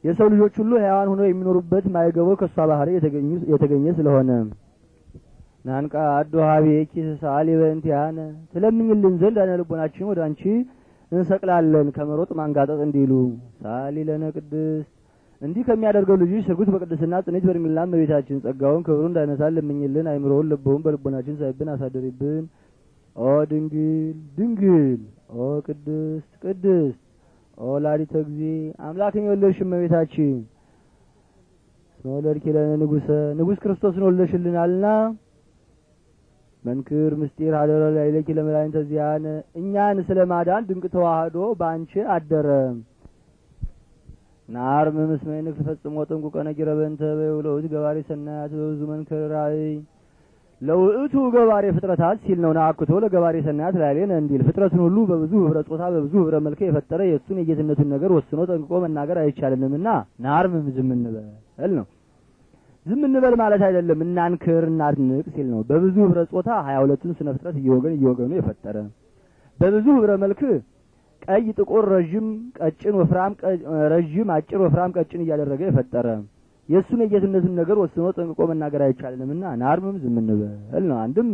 የሰው ልጆች ሁሉ ሕያዋን ሆኖ የሚኖሩበት ማይገበው ከእሷ ባህሪ የተገኘ ስለሆነ ናንቃ አዶ ሀቤኪ ስሳል በእንቲያነ ትለምኝልን ዘንድ አይነ ልቦናችን ወደ አንቺ እንሰቅላለን ከመሮጥ ማንጋጠጥ እንዲሉ ሳሊ ለነ ቅድስት እንዲህ ከሚያደርገው ልጆች ስርጉት በቅድስና ጽንዕት በእድሜና እመቤታችን ጸጋውን ክብሩ እንዳይነሳል ለምኝልን። አይምሮውን ልቦውን በልቦናችን ሳይብን አሳደሪብን። ኦ ድንግል ድንግል፣ ኦ ቅድስት ቅድስት፣ ኦ ወላዲተ እግዚ አምላክን የወለድሽ እመቤታችን ስመወለድኪ ለነ ንጉሰ ንጉሥ ክርስቶስን ወለድሽልናልና መንክር ምስጢር ሀደረ ላይለኪ ለመድኃኒተ ዚያን እኛን ስለ ማዳን ድንቅ ተዋህዶ በአንቺ አደረ ናር ምምስ ንክር ፈጽሞ ጥንቁ ቀነ ጊረበንተ በውለውት ገባሬ ሰናያት በብዙ መንክር ራእይ ለውእቱ ገባሬ ፍጥረታት ሲል ነው። ናአኩቶ ለገባሬ ሰናያት ላይሌነ እንዲል ፍጥረቱን ሁሉ በብዙ ህብረ ጾታ በብዙ ህብረ መልክ የፈጠረ የእሱን የጌትነቱን ነገር ወስኖ ጠንቅቆ መናገር አይቻልንምና ናርም ዝም እንበል ነው። ዝም እንበል ማለት አይደለም፣ እናንክር እናድንቅ ሲል ነው። በብዙ ህብረ ጾታ ሀያ ሁለቱን ስነ ፍጥረት እየወገን እየወገኑ የፈጠረ በብዙ ህብረ መልክ ቀይ፣ ጥቁር፣ ረዥም፣ ቀጭን፣ ወፍራም፣ ረዥም፣ አጭር፣ ወፍራም፣ ቀጭን እያደረገ የፈጠረ የእሱን የጌትነትን ነገር ወስኖ ጠንቅቆ መናገር አይቻልንምና ናርምም ዝም እንበል ነው። አንድም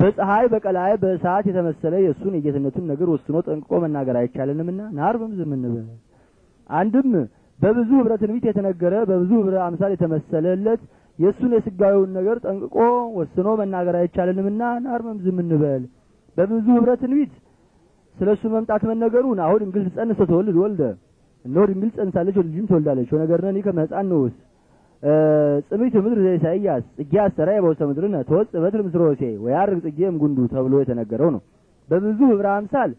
በፀሐይ በቀላይ በእሳት የተመሰለ የእሱን የጌትነትን ነገር ወስኖ ጠንቅቆ መናገር አይቻልንምና ናርምም ዝም እንበል አንድም በብዙ ህብረ ትንቢት የተነገረ በብዙ ህብረ አምሳል የተመሰለለት የእሱን የስጋዊውን ነገር ጠንቅቆ ወስኖ መናገር አይቻለንምና ናርመም ዝም እንበል። በብዙ ህብረ ትንቢት ስለ እሱ መምጣት መነገሩን አሁን እንግል ጸንሰ ተወልድ ወልደ እነሆ ድንግል ጸንሳለች ልጅም ትወልዳለች ወነገርነኒ ከመ ሕፃን ንዑስ ጽምት ምድር ዘኢሳይያስ ጽጌ አስተርአየ በውስተ ምድርነ ተወጽእ በትር ምስለ ሆሴዕ ወያርግ ጽጌ እምጉንዱ ተብሎ የተነገረው ነው። በብዙ ህብረ አምሳል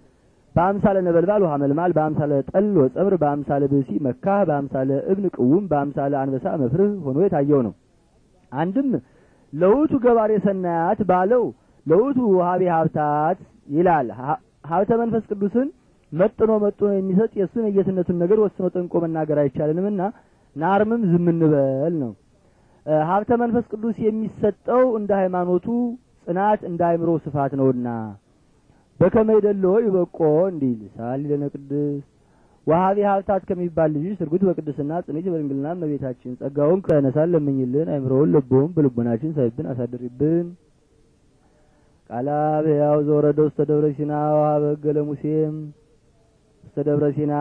በአምሳለ ነበልባል ውሃ መልማል በአምሳለ ጠል ወጸብር በአምሳለ ብሲ መካህ በአምሳለ እብን ቅውም በአምሳለ አንበሳ መፍርህ ሆኖ የታየው ነው። አንድም ለውቱ ገባሬ ሰናያት ባለው ለውቱ ውሃቤ ሀብታት ይላል። ሀብተ መንፈስ ቅዱስን መጥኖ መጥኖ የሚሰጥ የእሱን የየትነቱን ነገር ወስኖ ጠንቆ መናገር አይቻልንም እና ናርምም ዝም እንበል ነው። ሀብተ መንፈስ ቅዱስ የሚሰጠው እንደ ሃይማኖቱ ጽናት እንደ አይምሮ ስፋት ነውና በከመ ይደሎ ይበቆ እንዲል ሳል ለነቅድስ ቅድስት ዋሃቢ ሀብታት ከሚባል ልጅ ስርጉት በቅድስና ጽንዕት በድንግልና መቤታችን ጸጋውን ከነሳን ለምኝልን አይምሮውን ልቦውን በልቦናችን ሳይብን አሳድሪብን ቃላ በሕያው ዘወረደ ውስተ ደብረ ሲና ወሀበ ሕገ ለሙሴም ውስተ ደብረ ሲና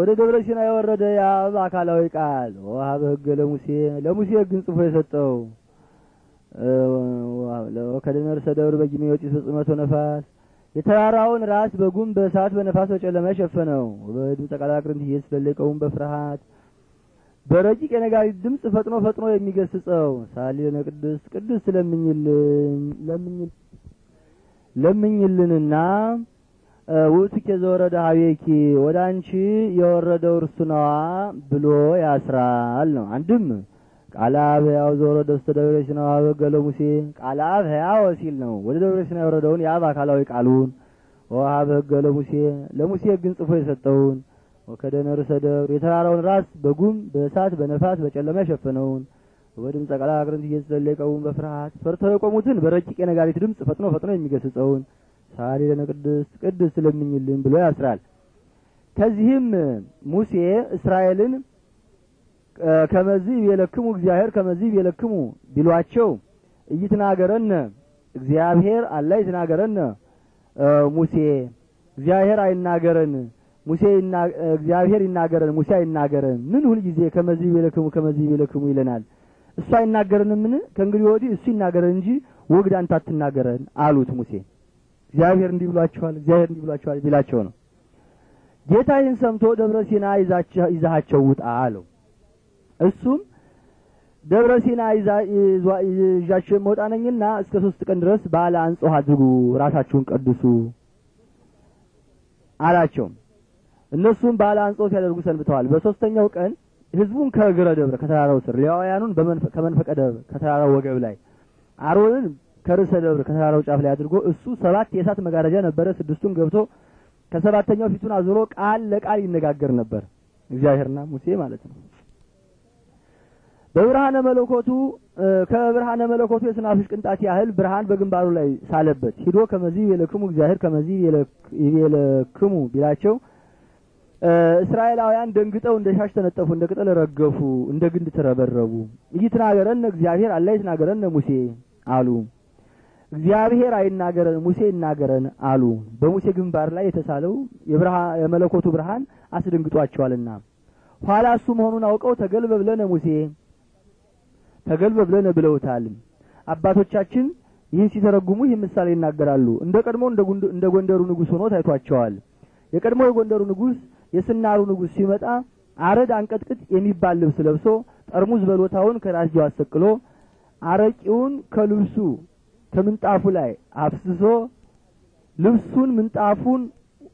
ወደ ደብረ ሲና የወረደ ያ በአካላዊ ቃል ወሀበ ሕገ ለሙሴ ለሙሴ ግን ጽፎ የሰጠው ከደነርሰ ደብር በጊሜ ወጪ ፍጽመቶ ነፋስ የተራራውን ራስ በጉም በእሳት በነፋስ በጨለማ የሸፈነው በድምፀ ቃላት ቅርንትዬ የተስለቀውን በፍርሃት በረቂቅ የነጋሪት ድምፅ ፈጥኖ ፈጥኖ የሚገስጸው ሳሊነ ቅዱስ ቅዱስ ለምኝልን ለምኝልንና ውእትኬ ዘወረደ ሀቤኪ ወደ አንቺ የወረደው እርሱ ነዋ ብሎ ያስራል ነው አንድም ቃለ አብ ሕያው ዘወረደ ደስተ ደብረ ሲና አበገለ ሙሴ ቃለ አብ ሕያው ሲል ነው ወደ ደብረ ሲና የወረደውን የአብ አካላዊ ቃሉን ወአብ ህገለ ሙሴ ለሙሴ ግን ጽፎ የሰጠውን ወከደነ ርዕሰ ደብር የተራራውን ራስ በጉም በእሳት በነፋስ በጨለማ የሸፈነውን በድምፀ ቀላቅርንት እየተዘለ የቀቡን በፍርሃት ፈርተው የቆሙትን በረቂቅ የነጋሪት ድምፅ ፈጥኖ ፈጥኖ የሚገስጸውን ሳሊ ለነ ቅድስት ቅድስት ስለምኝልን ብሎ ያስራል። ከዚህም ሙሴ እስራኤልን ከመዚ ቤለክሙ እግዚአብሔር ከመዚ ቤለክሙ ቢሏቸው እይትናገረነ እግዚአብሔር አላ ይትናገረነ ሙሴ እግዚአብሔር አይናገረን ሙሴ እግዚአብሔር ይናገረን ሙሴ አይናገረን ምን ሁል ጊዜ ከመዚ ቤለክሙ ከመዚ ቤለክሙ ይለናል። እሱ አይናገረን ምን ከእንግዲህ ወዲህ እሱ ይናገረን እንጂ ወግድ አንተ አትናገረን አሉት ሙሴ። እግዚአብሔር እንዲህ ብሏቸዋል፣ እግዚአብሔር እንዲህ ብሏቸዋል ቢላቸው ነው። ጌታ ይህን ሰምቶ ደብረ ሲና ይዛቸው ውጣ አለው። እሱም ደብረ ሲና ይዣቸው የመውጣ ነኝና እስከ ሶስት ቀን ድረስ ባለ አንጾህ አድርጉ፣ ራሳችሁን ቀድሱ አላቸው። እነሱም ባለ አንጾህ ሲያደርጉ ሰንብተዋል። በሶስተኛው ቀን ህዝቡን ከእግረ ደብረ ከተራራው ስር ሌዋውያኑን ከመንፈቀ ደብረ ከተራራው ወገብ ላይ አሮንን ከርዕሰ ደብር ከተራራው ጫፍ ላይ አድርጎ እሱ ሰባት የእሳት መጋረጃ ነበረ። ስድስቱን ገብቶ ከሰባተኛው ፊቱን አዙሮ ቃል ለቃል ይነጋገር ነበር እግዚአብሔርና ሙሴ ማለት ነው። በብርሃነ መለኮቱ ከብርሃነ መለኮቱ የስናፍሽ ቅንጣት ያህል ብርሃን በግንባሩ ላይ ሳለበት ሂዶ ከመዚህ የለክሙ እግዚአብሔር ከመዚህ የለክሙ ቢላቸው እስራኤላውያን ደንግጠው እንደ ሻሽ ተነጠፉ፣ እንደ ቅጠል ረገፉ፣ እንደ ግንድ ተረበረቡ። ይትናገረን እግዚአብሔር አላ ይትናገረን ሙሴ አሉ። እግዚአብሔር አይናገረን ሙሴ ይናገረን አሉ። በሙሴ ግንባር ላይ የተሳለው የመለኮቱ ብርሃን አስደንግጧቸዋልና ኋላ እሱ መሆኑን አውቀው ተገልበብለነ ሙሴ ተገልበብለን ብለውታል። አባቶቻችን ይህን ሲተረጉሙ ይህ ምሳሌ ይናገራሉ። እንደ ቀድሞ እንደ ጎንደሩ ንጉሥ ሆኖ ታይቷቸዋል። የቀድሞ የጎንደሩ ንጉሥ የስናሩ ንጉሥ ሲመጣ አረድ አንቀጥቅጥ የሚባል ልብስ ለብሶ ጠርሙዝ በሎታውን ከራስጀው አሰቅሎ አረቂውን ከልብሱ ከምንጣፉ ላይ አፍስሶ ልብሱን ምንጣፉን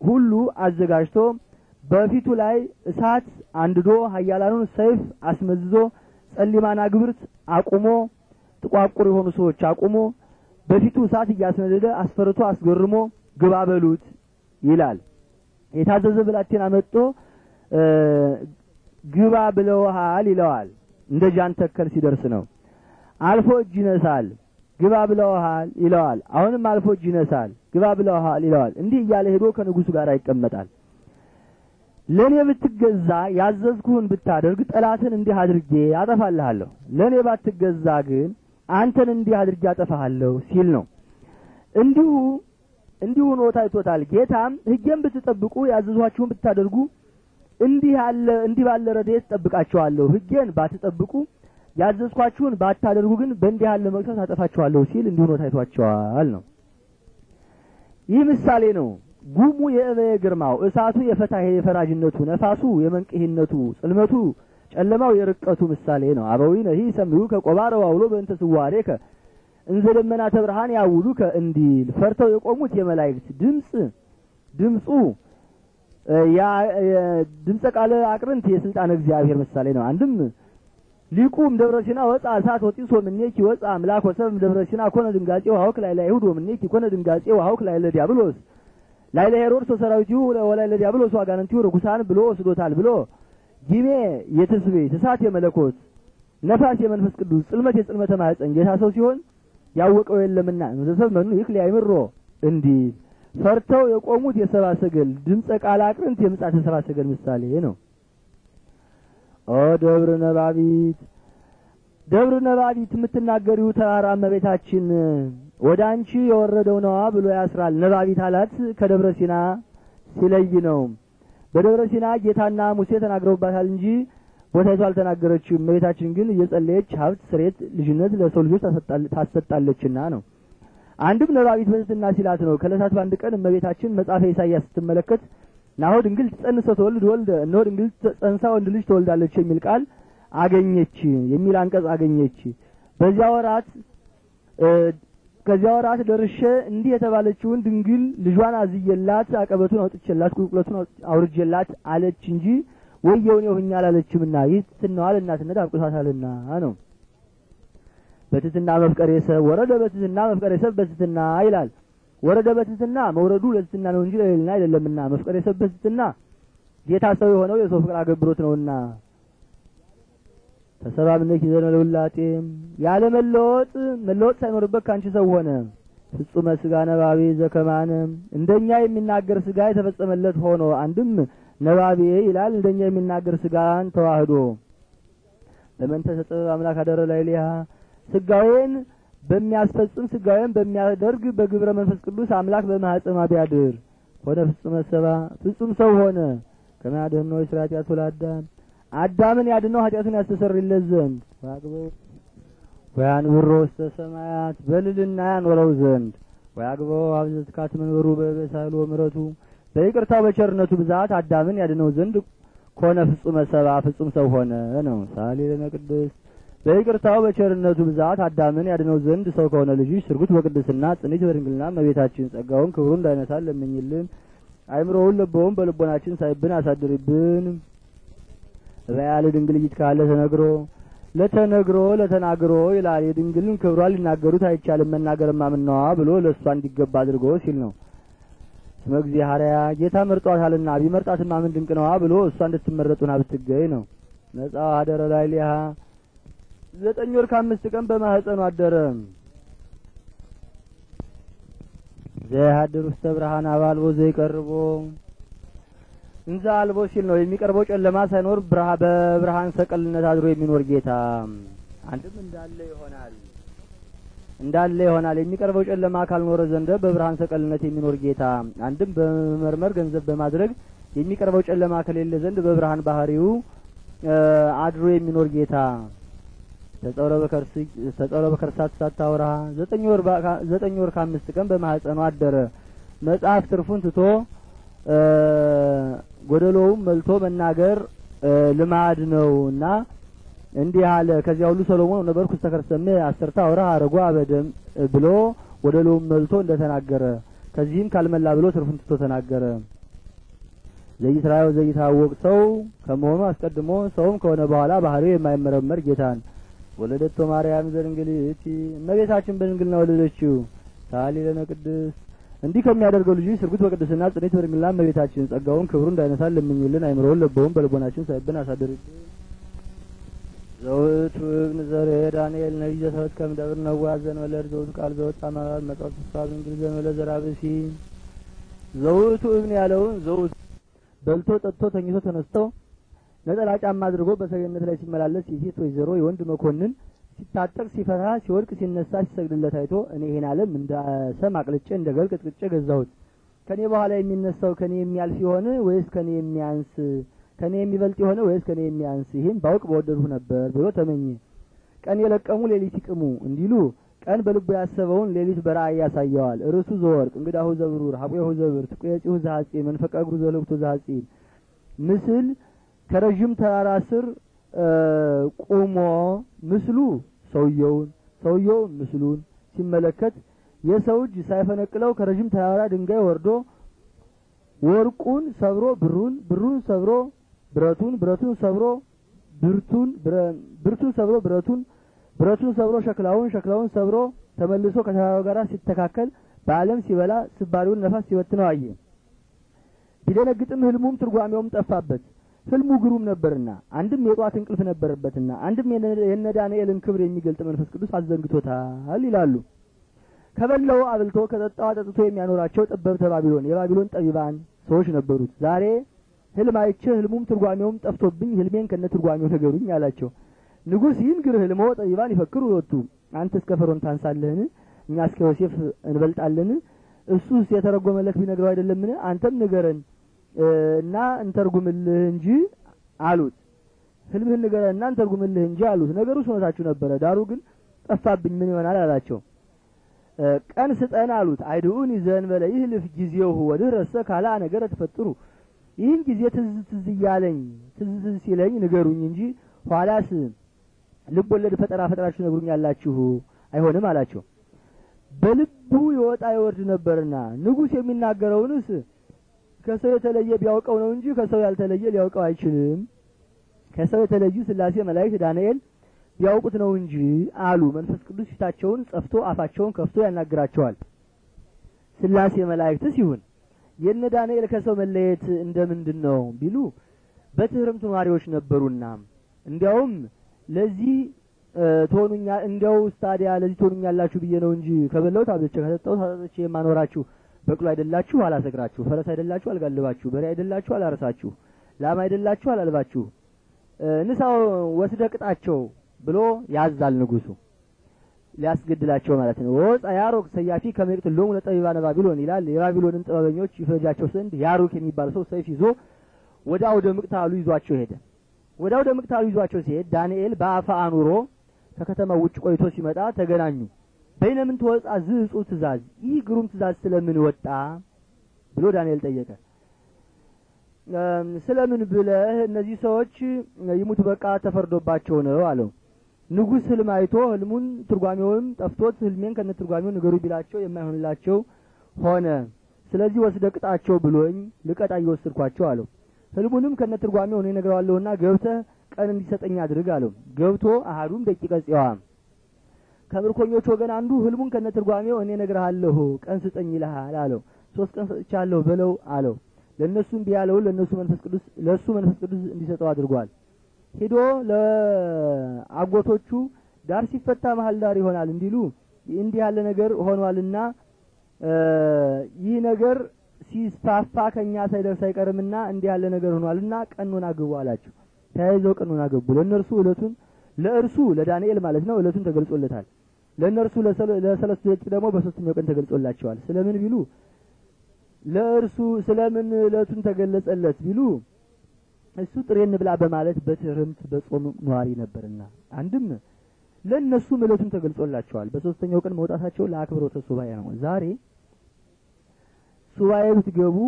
ሁሉ አዘጋጅቶ በፊቱ ላይ እሳት አንድዶ ኃያላኑን ሰይፍ አስመዝዞ ጸሊማና ግብርት አቁሞ ጥቋቁር የሆኑ ሰዎች አቁሞ በፊቱ እሳት እያስነደደ አስፈርቶ አስገርሞ ግባ በሉት ይላል። የታዘዘ ብላቴና መጥቶ ግባ ብለውሃል ይለዋል። እንደ ተከል ሲደርስ ነው። አልፎ እጅ ይነሳል። ግባ ብለውሃል ይለዋል። አሁንም አልፎ እጅ ይነሳል። ግባ ብለውሃል ይለዋል። እንዲህ እያለ ሄዶ ከንጉሱ ጋር ይቀመጣል። ለእኔ ብትገዛ ያዘዝኩህን ብታደርግ ጠላትን እንዲህ አድርጌ አጠፋልሃለሁ፣ ለእኔ ባትገዛ ግን አንተን እንዲህ አድርጌ አጠፋሃለሁ ሲል ነው። እንዲሁ እንዲሁ ሆኖ ታይቶታል። ጌታም ሕጌን ብትጠብቁ ያዘዝኋችሁን ብታደርጉ እንዲህ ያለ እንዲህ ባለ ረድኤት ጠብቃችኋለሁ። ሕጌን ባትጠብቁ ያዘዝኳችሁን ባታደርጉ ግን በእንዲህ ያለ መቅሰፍት አጠፋችኋለሁ ሲል እንዲሁ ሆኖ ታይቷቸዋል ነው። ይህ ምሳሌ ነው። ጉሙ የእበየ ግርማው እሳቱ የፈታሄ የፈራጅነቱ ነፋሱ የመንቅሂነቱ ጽልመቱ ጨለማው የርቀቱ ምሳሌ ነው። አበዊ ነ ይህ ሰሚሁ ከቆባረ ዋውሎ በእንተ ስዋሬ ከ እንዘ ደመናተ ብርሃን ያውሉ ከ እንዲል ፈርተው የቆሙት የመላእክት ድምፅ ድምፁ ድምፀ ቃለ አቅርንት የስልጣን እግዚአብሔር ምሳሌ ነው። አንድም ሊቁም ደብረ ሲና ወፃ እሳት ወጢሶ ምኔኪ ወፃ አምላክ ወሰብም ደብረ ኮነ ድንጋጼ ውሃውክ ላይ አይሁድ ወምኔኪ ኮነ ድንጋጼ ውሃውክ ላዕለ ዲያብሎስ ላይለ ሄሮድስ ሰራዊቲሁ ወላይለ ዲያብሎስ አጋንንቲሁ ርኩሳን ብሎ ወስዶታል ብሎ ጊሜ የትስቤ እሳት የመለኮት ነፋስ የመንፈስ ቅዱስ ጽልመት የጽልመተ ማህፀን ጌታ ሰው ሲሆን ያወቀው የለምና ዘሰብ መኑ ይህ ሊያይምሮ እንዲል ፈርተው የቆሙት የሰባ ሰገል ድምፀ ቃል አቅርንት የምጻት የሰባ ሰገል ምሳሌ ነው። ኦ ደብረ ነባቢት ደብረ ነባቢት የምትናገሪው ተራራ እመቤታችን ወደ አንቺ የወረደው ነዋ ብሎ ያስራል። ነባቢት አላት ከደብረ ሲና ሲለይ ነው። በደብረ ሲና ጌታና ሙሴ ተናግረውባታል እንጂ ቦታይቱ አልተናገረችም። እመቤታችን ግን እየጸለየች ሀብት፣ ስሬት፣ ልጅነት ለሰው ልጆች ታሰጣለችና ነው። አንድም ነባቢት በትትና ሲላት ነው። ከዕለታት በአንድ ቀን እመቤታችን መጽሐፈ ኢሳይያስ ስትመለከት ናሆ ድንግል ትጸንሰ ተወልድ ወልደ እነሆ ድንግል ጸንሳ ወንድ ልጅ ተወልዳለች የሚል ቃል አገኘች የሚል አንቀጽ አገኘች። በዚያ ወራት ከዚያው ራስ ደርሸ እንዲህ የተባለችውን ድንግል ልጇን አዝየላት አቀበቱን አውጥቼላት ቁልቁለቱን አውርጄላት አለች እንጂ ወየውን የሆኛ አላለችምና ይህ ትትናዋ ለእናትነት አብቅቷታልና ነው። በትትና መፍቀሬ ሰብ ወረደ በትትና መፍቀሬ ሰብ በትትና ይላል። ወረደ በትትና መውረዱ ለትትና ነው እንጂ ለሌልና አይደለምና መፍቀሬ ሰብ በትትና ጌታ ሰው የሆነው የሰው ፍቅር አገብሮት ነውና ተሰባ ምነኪ ለውላጤ ያለ መለወጥ መለወጥ ሳይኖርበት ካንቺ ሰው ሆነ ፍጹመ ስጋ ነባቤ ዘከማነ እንደኛ የሚናገር ስጋ የተፈጸመለት ሆኖ አንድም ነባቤ ይላል እንደኛ የሚናገር ስጋን ተዋህዶ በመንፈሰ ጥበብ አምላክ አደረ ላይ ሊያ ስጋዌን በሚያስፈጽም ስጋዌን በሚያደርግ በግብረ መንፈስ ቅዱስ አምላክ በማህፀማ ቢያድር ሆነ ፍጹመ ሰባ ፍጹም ሰው ሆነ ከማያደህኖ ስራት ያስወላዳን አዳምን ያድነው ኃጢአቱን ያስተሰርይለት ዘንድ ወያንብሮ ውስተ ሰማያት በልልና ያኖረው ዘንድ ወያግባው አብዘትካት መንበሩ በበሳሉ ምረቱ በይቅርታው በቸርነቱ ብዛት አዳምን ያድነው ዘንድ ኮነ ፍጹመ ሰባ ፍጹም ሰው ሆነ ነው። ሳሌ ለመቅደስ በይቅርታው በቸርነቱ ብዛት አዳምን ያድነው ዘንድ ሰው ከሆነ ልጅሽ ስርጉት በቅድስና ጽንዕት በድንግልና መቤታችን ጸጋውን ክብሩን እንዳይነሳን ለምኝልን። አይምሮውን ለበውን በልቦናችን ሳይብን አሳድርብን። ያለ ድንግል እጅት ካለ ተነግሮ ለተነግሮ ለተናግሮ ይላል። የድንግልን ክብሯ ሊናገሩት አይቻልም መናገር ማምናዋ ብሎ ለእሷ እንዲገባ አድርጎ ሲል ነው። ስመ እግዚአብሔር ጌታ መርጧታልና ቢመርጣትማ ምን ድንቅ ነዋ ብሎ እሷ እንድትመረጡና ብትገኝ ነው። ነጻ አደረ ላይ ሊሃ ዘጠኝ ወር ከአምስት ቀን በማህፀኑ አደረ። ዘያድር ውስተ ብርሃን አባልቦ ቀርቦ እንዛ አልቦ ሲል ነው የሚቀርበው ጨለማ ሳይኖር በብርሃን ሰቀልነት አድሮ የሚኖር ጌታ አንድም እንዳለ ይሆናል እንዳለ ይሆናል የሚቀርበው ጨለማ ካልኖረ ዘንደ በብርሃን ሰቀልነት የሚኖር ጌታ አንድም በመመርመር ገንዘብ በማድረግ የሚቀርበው ጨለማ ከሌለ ዘንድ በብርሃን ባህሪው አድሮ የሚኖር ጌታ ተጸውረ በከርሳት ሳታወራ ዘጠኝ ወር ከአምስት ቀን በማህፀኑ አደረ መጽሐፍ ትርፉን ትቶ ጎደሎውም መልቶ መናገር ልማድ ነው እና እንዲህ አለ። ከዚያ ሁሉ ሰሎሞን ነበርኩ ስተከርሰሜ አሰርታ ወራ አረጓ በደም ብሎ ጎደሎውም መልቶ እንደተናገረ ከዚህም ካልመላ ብሎ ትርፉን ትቶ ተናገረ። ዘይስራው ዘይታወቅ ሰው ከመሆኑ አስቀድሞ ሰውም ከሆነ በኋላ ባህሪው የማይመረመር ጌታን ወለደቶ ማርያም ዘድንግልቲ እመቤታችን በድንግልና ወለደችው ታሊ ለነ ቅድስት እንዲህ ከሚያደርገው ልጁ ስርጉት በቅድስና ጽኔት በርሚላ መቤታችን ጸጋውን ክብሩ እንዳይነሳ ለምኙልን። አይምሮውን ልቦውን በልቦናችን ሳይብን አሳድር። ዘውት ውግን ዘሬ ዳንኤል ነቢይ ዘሰበት ከምደብር ነዋ ዘንበለድ ዘውቱ ቃል ዘወጣ ማባት መጽሐፍ ስፋ እንግል ዘንበለ ዘራብሲ ዘውቱ እብን ያለውን ዘውት በልቶ ጠጥቶ ተኝቶ ተነስተው ነጠላ ጫማ አድርጎ በሰገነት ላይ ሲመላለስ የሴት ወይዘሮ የወንድ መኮንን ሲታጠቅ፣ ሲፈታ፣ ሲወድቅ፣ ሲነሳ፣ ሲሰግድለት አይቶ እኔ ይሄን ዓለም እንደ ሰም አቅልጬ እንደ ገል ቅጥቅጬ ገዛሁት። ከኔ በኋላ የሚነሳው ከኔ የሚያልፍ የሆነ ወይስ ከኔ የሚያንስ ከእኔ የሚበልጥ የሆነ ወይስ ከኔ የሚያንስ ይህን ባውቅ በወደድሁ ነበር ብሎ ተመኘ። ቀን የለቀሙ ሌሊት ይቅሙ እንዲሉ ቀን በልቡ ያሰበውን ሌሊት በራእይ ያሳየዋል። እርሱ ዘወርቅ እንግዳሁ ዘብሩር ሀቁሁ ዘብር ትቁየጪሁ ዘሐጺን መንፈቀ እግሩ ዘልብቶ ዘሐጺን ምስል ከረዥም ተራራ ስር ቁሞ ምስሉ ሰውየውን ሰውየው ምስሉን ሲመለከት የሰው እጅ ሳይፈነቅለው ከረዥም ተራራ ድንጋይ ወርዶ ወርቁን ሰብሮ ብሩን ብሩን ሰብሮ ብረቱን ብረቱን ሰብሮ ብርቱን ብርቱን ሰብሮ ብረቱን ብረቱን ሰብሮ ሸክላውን ሸክላውን ሰብሮ ተመልሶ ከተራራው ጋር ሲተካከል በዓለም ሲበላ ስባሪውን ነፋስ ሲበትነው አየ። ቢደነግጥም ህልሙም ትርጓሜውም ጠፋበት። ህልሙ ግሩም ነበርና አንድም የጧት እንቅልፍ ነበረበትና አንድም የነ ዳንኤልን ክብር የሚገልጥ መንፈስ ቅዱስ አዘንግቶታል ይላሉ። ከበላው አብልቶ ከጠጣው አጠጥቶ የሚያኖራቸው ጠበብተ ባቢሎን የባቢሎን ጠቢባን ሰዎች ነበሩት። ዛሬ ህልም አይቼ ህልሙም ትርጓሜውም ጠፍቶብኝ ህልሜን ከነ ትርጓሜው ነገሩኝ አላቸው። ንጉሥ ግር ህልሞ ጠቢባን ይፈክሩ ይወጡ አንተ እስከ ፈሮን ታንሳለህን? እኛ እስከ ዮሴፍ እንበልጣለን? እሱስ የተረጎመለክ ቢነግረው አይደለምን? አንተም ንገረን እና እንተርጉምልህ እንጂ አሉት። ህልምህን ንገረ እና እንተርጉምልህ እንጂ አሉት። ነገሩ ስኖታችሁ ነበረ፣ ዳሩ ግን ጠፋብኝ፣ ምን ይሆናል አላቸው። ቀን ስጠን አሉት። አይድኡን ይዘን በለ ይህልፍ ጊዜው ወድህ ረሰ ካላ ነገር ተፈጥሩ ይህን ጊዜ ትዝ ትዝ እያለኝ ትዝ ትዝ ሲለኝ ንገሩኝ እንጂ ኋላስ ልብ ወለድ ፈጠራ ፈጠራችሁ ነግሩኝ ያላችሁ አይሆንም አላቸው። በልቡ የወጣ ይወርድ ነበርና ንጉሥ የሚናገረውንስ ከሰው የተለየ ቢያውቀው ነው እንጂ ከሰው ያልተለየ ሊያውቀው አይችልም። ከሰው የተለዩ ስላሴ መላእክት፣ ዳንኤል ቢያውቁት ነው እንጂ አሉ። መንፈስ ቅዱስ ፊታቸውን ጸፍቶ አፋቸውን ከፍቶ ያናግራቸዋል። ስላሴ መላእክትስ ይሁን የነ ዳንኤል ከሰው መለየት እንደምንድን ነው ቢሉ በትህርምት ነዋሪዎች ነበሩና እንዲያውም ለዚህ ትሆኑኛ እንዲያው ስታዲያ ለዚህ ትሆኑኛላችሁ ብዬ ነው እንጂ ከበላሁት አብልቼ ከሰጠሁት አጠጥቼ የማኖራችሁ በቅሎ አይደላችሁ አላሰግራችሁ፣ ፈረስ አይደላችሁ አልጋልባችሁ፣ በሬ አይደላችሁ አላረሳችሁ፣ ላም አይደላችሁ አላልባችሁ፣ ንሳው ወስደ ቅጣቸው ብሎ ያዛል ንጉሱ ሊያስገድላቸው ማለት ነው። ወፃ ያሮክ ሰያፊ ከመቅት ሎሙ ለጠቢባነ ባቢሎን ይላል። የባቢሎንን ጥበበኞች ይፈጃቸው ዘንድ ያሮክ የሚባል ሰው ሰይፍ ይዞ ወደ አውደ ምቅታሉ ይዟቸው ሄደ። ወደ አውደ ምቅታሉ ይዟቸው ሲሄድ ዳንኤል በአፋ አኑሮ ከከተማው ውጭ ቆይቶ ሲመጣ ተገናኙ። በይነምን ተወጣ ዝእጹ ትእዛዝ፣ ይህ ግሩም ትእዛዝ ስለምን ወጣ ብሎ ዳንኤል ጠየቀ። ስለምን ብለህ እነዚህ ሰዎች ይሙት በቃ ተፈርዶባቸው ነው አለው። ንጉሥ ህልም አይቶ ህልሙን ትርጓሜውም ጠፍቶት ህልሜን ከነ ትርጓሜው ንገሩ ቢላቸው የማይሆንላቸው ሆነ። ስለዚህ ወስደ ቅጣቸው ብሎኝ ልቀጣ እየወሰድኳቸው አለው። ህልሙንም ከነ ትርጓሜው እኔ እነግረዋለሁና ገብተህ ቀን እንዲሰጠኝ አድርግ አለው። ገብቶ አህዱም ደቂቀ ጽዋ ከምርኮኞች ወገን አንዱ ህልሙን ትርጓሜው እኔ እነግርሃለሁ ቀን ስጠኝ ይልሃል አለው። ሶስት ቀን ሰጥቻለሁ በለው አለው። ለእነሱ እምቢ ለእነሱ መንፈስ ቅዱስ ለእሱ መንፈስ ቅዱስ እንዲሰጠው አድርጓል። ሄዶ ለአጎቶቹ ዳር ሲፈታ መሀል ዳር ይሆናል እንዲሉ እንዲህ ያለ ነገር ሆኗልና ይህ ነገር ሲስፋፋ ከእኛ ሳይደርስ አይቀርምና እንዲህ ያለ ነገር ሆኗልና ቀኖና ግቡ አላቸው። ተያይዘው ቀኖና ገቡ። ለእነርሱ እለቱን ለእርሱ ለዳንኤል ማለት ነው እለቱን ተገልጾለታል። ለእነርሱ ለሰለስቱ ደቂቅ ደግሞ በሶስተኛው ቀን ተገልጾላቸዋል። ስለምን ቢሉ ለእርሱ ስለምን እለቱን ተገለጸለት ቢሉ እሱ ጥሬን ብላ በማለት በትርምት በጾም ነዋሪ ነበርና፣ አንድም ለእነሱም እለቱን ተገልጾላቸዋል። በሶስተኛው ቀን መውጣታቸው ለአክብሮተ ሱባኤ ነው። ዛሬ ሱባኤ ብትገቡ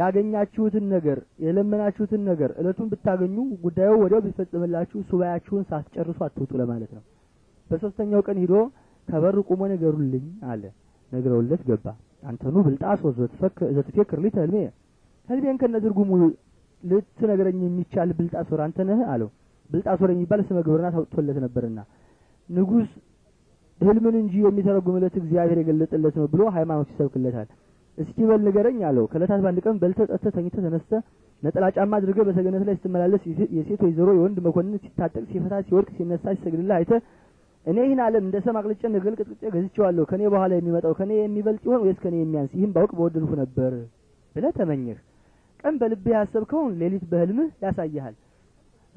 ያገኛችሁትን ነገር የለመናችሁትን ነገር እለቱን ብታገኙ ጉዳዩ ወዲያው ቢፈጽምላችሁ ሱባኤያችሁን ሳትጨርሱ አትውጡ ለማለት ነው። በሶስተኛው ቀን ሂዶ ከበር ቁሞ ነገሩልኝ አለ። ነግረውለት ገባ። አንተኑ ብልጣሶ ዘትፌክር ልይ ተልሜ ህልሜን ከነ ትርጉሙ ልትነግረኝ የሚቻል ብልጣሶር አንተ ነህ አለው። ብልጣሶር የሚባል ስመ ግብርና ታውጥቶለት ነበርና ንጉስ ህልምን እንጂ የሚተረጉምለት እግዚአብሔር የገለጠለት ነው ብሎ ሃይማኖት ይሰብክለታል። እስኪ በል ንገረኝ አለው። ከእለታት በአንድ ቀን በልተ ጠጥተህ ተኝተ ተነስተ ነጠላ ጫማ በሰገነት ላይ ስትመላለስ የሴት ወይዘሮ የወንድ መኮንን ሲታጠቅ ሲፈታ ሲወድቅ ሲነሳ ሲሰግድልህ አይተህ እኔ ይህን ዓለም እንደ ሰም አቅልጬ ንግል ቅጥቅጬ ገዝቼዋለሁ። ከእኔ በኋላ የሚመጣው ከእኔ የሚበልጥ ይሆን ወይስ ከእኔ የሚያንስ? ይህም ባውቅ በወደድሁ ነበር ብለህ ተመኘህ። ቀን በልብህ ያሰብከውን ሌሊት በህልምህ ያሳይሃል።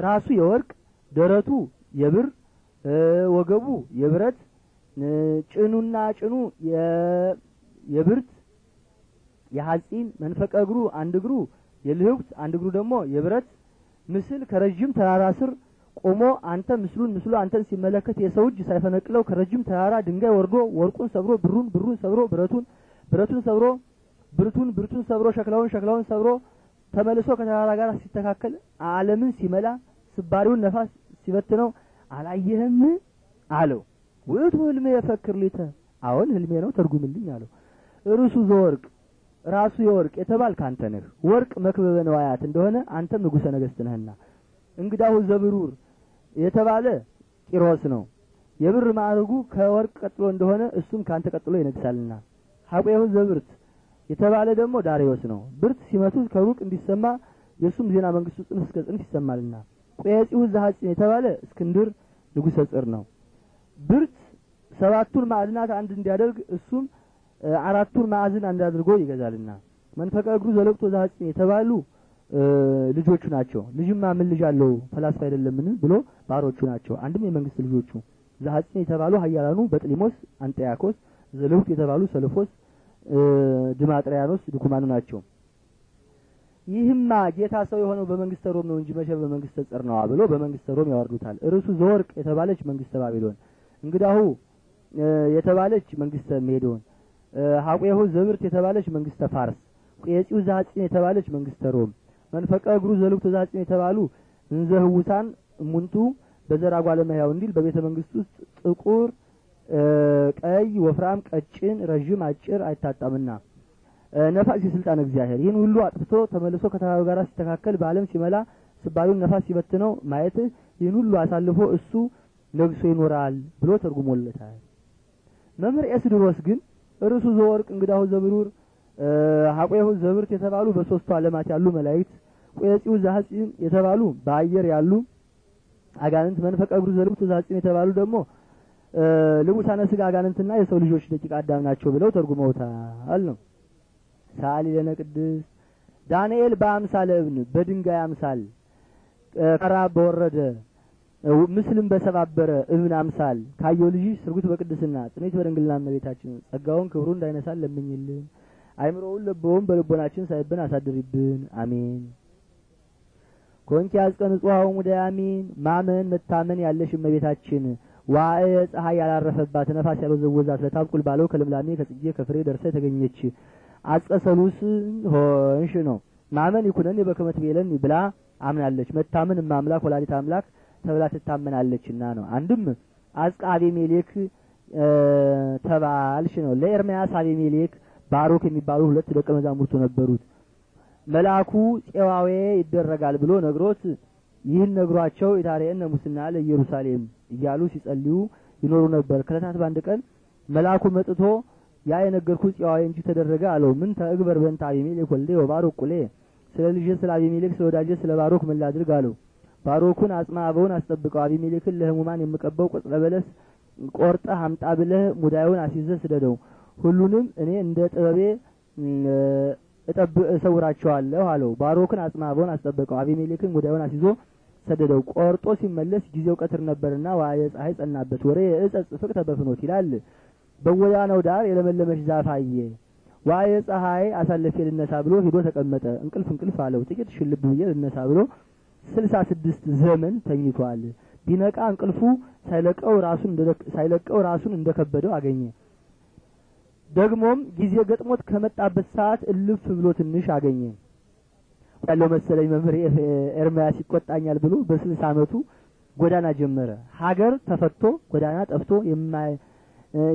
ራሱ የወርቅ ደረቱ የብር ወገቡ የብረት ጭኑና ጭኑ የብርት የሐፂን መንፈቀ እግሩ አንድ እግሩ የልህብት አንድ እግሩ ደግሞ የብረት ምስል ከረዥም ተራራ ስር ቆሞ አንተ ምስሉን ምስሉ አንተን ሲመለከት የሰው እጅ ሳይፈነቅለው ከረጅም ተራራ ድንጋይ ወርዶ ወርቁን ሰብሮ ብሩን ብሩን ሰብሮ ብረቱን ብረቱን ሰብሮ ብርቱን ብርቱን ሰብሮ ሸክላውን ሸክላውን ሰብሮ ተመልሶ ከተራራ ጋር ሲተካከል ዓለምን ሲመላ ስባሪውን ነፋስ ሲበትነው አላየህም አለው። ውእቱ ህልሜ የፈክር ሊተ አሁን ህልሜ ነው ተርጉምልኝ አለው። እርሱ ዘወርቅ ራሱ የወርቅ የተባል ካንተ ነህ። ወርቅ መክበበ ነዋያት እንደሆነ አንተም ንጉሠ ነገሥት ነህና እንግዳሁ ዘብሩር የተባለ ጢሮስ ነው። የብር ማዕረጉ ከወርቅ ቀጥሎ እንደሆነ እሱም ከአንተ ቀጥሎ ይነግሳልና። ሀቁሁ ዘብርት የተባለ ደግሞ ዳሪዮስ ነው። ብርት ሲመቱ ከሩቅ እንዲሰማ የእሱም ዜና መንግስቱ ጽንፍ እስከ ጽንፍ ይሰማልና። ቁያጺሁ ዘሐፂን የተባለ እስክንድር ንጉሠ ጽር ነው። ብርት ሰባቱን ማዕድናት አንድ እንዲያደርግ እሱም አራቱን ማዕዝን አንድ አድርጎ ይገዛልና። መንፈቀ እግሩ ዘለቅቶ ዘሐፂን የተባሉ ልጆቹ ናቸው። ልጅማ ምን ልጅ አለው ፈላስፋ አይደለምን ብሎ ባሮቹ ናቸው። አንድም የመንግስት ልጆቹ ዘሐጽን የተባሉ ሀያላኑ በጥሊሞስ፣ አንጠያኮስ፣ ዘልሁቅ የተባሉ ሰልፎስ፣ ድማጥሪያኖስ ድኩማኑ ናቸው። ይህማ ጌታ ሰው የሆነው በመንግስተ ሮም ነው እንጂ መቼ በመንግስተ ጽርናዋ ብሎ በመንግስተ ሮም ያወርዱታል። እርሱ ዘወርቅ የተባለች መንግስተ ባቢሎን፣ እንግዳሁ የተባለች መንግስተ ሜዶን፣ ሀቁሁ ዘብርት የተባለች መንግስተ ፋርስ፣ ቄጺው ዘሐጽን የተባለች መንግስተ ሮም መንፈቀ እግሩ ዘልብ ተዛጭን የተባሉ እንዘህውሳን ሙንቱ በዘራ ጓለ ለመያው እንዲል በቤተ መንግስት ውስጥ ጥቁር፣ ቀይ፣ ወፍራም፣ ቀጭን፣ ረዥም፣ አጭር አይታጣምና ነፋስ የስልጣን እግዚአብሔር ይህን ሁሉ አጥፍቶ ተመልሶ ከተራሩ ጋር ሲተካከል በዓለም ሲመላ ስባሉን ነፋስ ሲበትነው ማየት ይህን ሁሉ አሳልፎ እሱ ነግሶ ይኖራል ብሎ ተርጉሞለታል። መምህር ኤስድሮስ ግን ርሱ ዘወርቅ እንግዳሁ ዘብሩር ሀቆሁ ዘብርት የተባሉ በሶስቱ ዓለማት ያሉ መላእክት ቆየጺው ዛጺን የተባሉ በአየር ያሉ አጋንንት መንፈቀ እግሩ ዘልብቱ ዛጺን የተባሉ ደግሞ ልቡሳነ ስጋ አጋንንትና የሰው ልጆች ደቂቃ አዳም ናቸው ብለው ተርጉመውታል ነው። ሳሊ ለነ ቅዱስ ዳንኤል በአምሳለ እብን በድንጋይ አምሳል ቀራ በወረደ ምስልም በሰባበረ እብን አምሳል ካየው ልጅ ስርጉት በቅድስና ጽኔት በድንግልና እመቤታችን ጸጋውን ክብሩ እንዳይነሳል ለምኝልን። አይምሮውን ለበውን በልቦናችን ሳይብን አሳድሪብን። አሜን። ኮንኪ አስቀንጽዋው ሙዳያሚን ማመን መታመን ያለሽ እመቤታችን ዋእየ ፀሐይ ያላረፈባት ነፋስ ያልወዘወዛት ለታብቁል ባለው ከልምላሜ ከጽጌ ከፍሬ ደርሳ የተገኘች አጸሰሉስ ሆንሽ ነው። ማመን ይኩነን በከመት ቤለን ብላ አምናለች። መታመን ማምላክ ወላዲት አምላክ ተብላ ትታመናለችና ነው። አንድም አጽቃቤ ሜሌክ ተባልሽ ነው። ለኤርምያስ አቤ ባሮክ የሚባሉ ሁለት ደቀ መዛሙርቱ ነበሩት። መልአኩ ፄዋዌ ይደረጋል ብሎ ነግሮት ይህን ነግሯቸው ኢታርየነ ሙስና ለኢየሩሳሌም እያሉ ሲጸልዩ ይኖሩ ነበር። ከለታት በአንድ ቀን መልአኩ መጥቶ ያ የነገርኩ ፄዋዌ እንጂ ተደረገ አለው። ምን ተእግበር በእንተ አቢሜሌክ ወልደ ወባሮክ ቁሌ፣ ስለ ልጅ ስለ አቢሜሌክ ስለ ስለ ባሮክ ምን ላድርግ አለው። ባሮኩን አጽማ አበውን አስጠብቀው፣ አቢሜሌክን ለህሙማን የምቀበው ቁጥረ በለስ ቆርጠህ አምጣ ብለህ ሙዳዩን አስይዘህ ስደደው። ሁሉንም እኔ እንደ ጥበቤ እሰውራቸዋለሁ አለው። ባሮክን አጽናበውን አስጠበቀው። አቢሜሌክን ጉዳዩን አስይዞ ሰደደው። ቆርጦ ሲመለስ ጊዜው ቀትር ነበርና ዋየ ፀሐይ ጸናበት። ወሬ የእፀ ጽፍቅ ተበፍኖት ይላል። በወያነው ዳር የለመለመች ዛፍ አየ። ዋየ ፀሐይ አሳልፌ ልነሳ ብሎ ሄዶ ተቀመጠ። እንቅልፍ እንቅልፍ አለው። ጥቂት ሽልብ ብዬ ልነሳ ብሎ ስልሳ ስድስት ዘመን ተኝቷል። ቢነቃ እንቅልፉ ሳይለቀው ራሱን እንደከበደው አገኘ። ደግሞም ጊዜ ገጥሞት ከመጣበት ሰዓት እልፍ ብሎ ትንሽ አገኘ ያለው መሰለኝ መምህር ኤርምያስ ይቆጣኛል ብሎ በስልሳ ዓመቱ ጎዳና ጀመረ። ሀገር ተፈቶ ጎዳና ጠፍቶ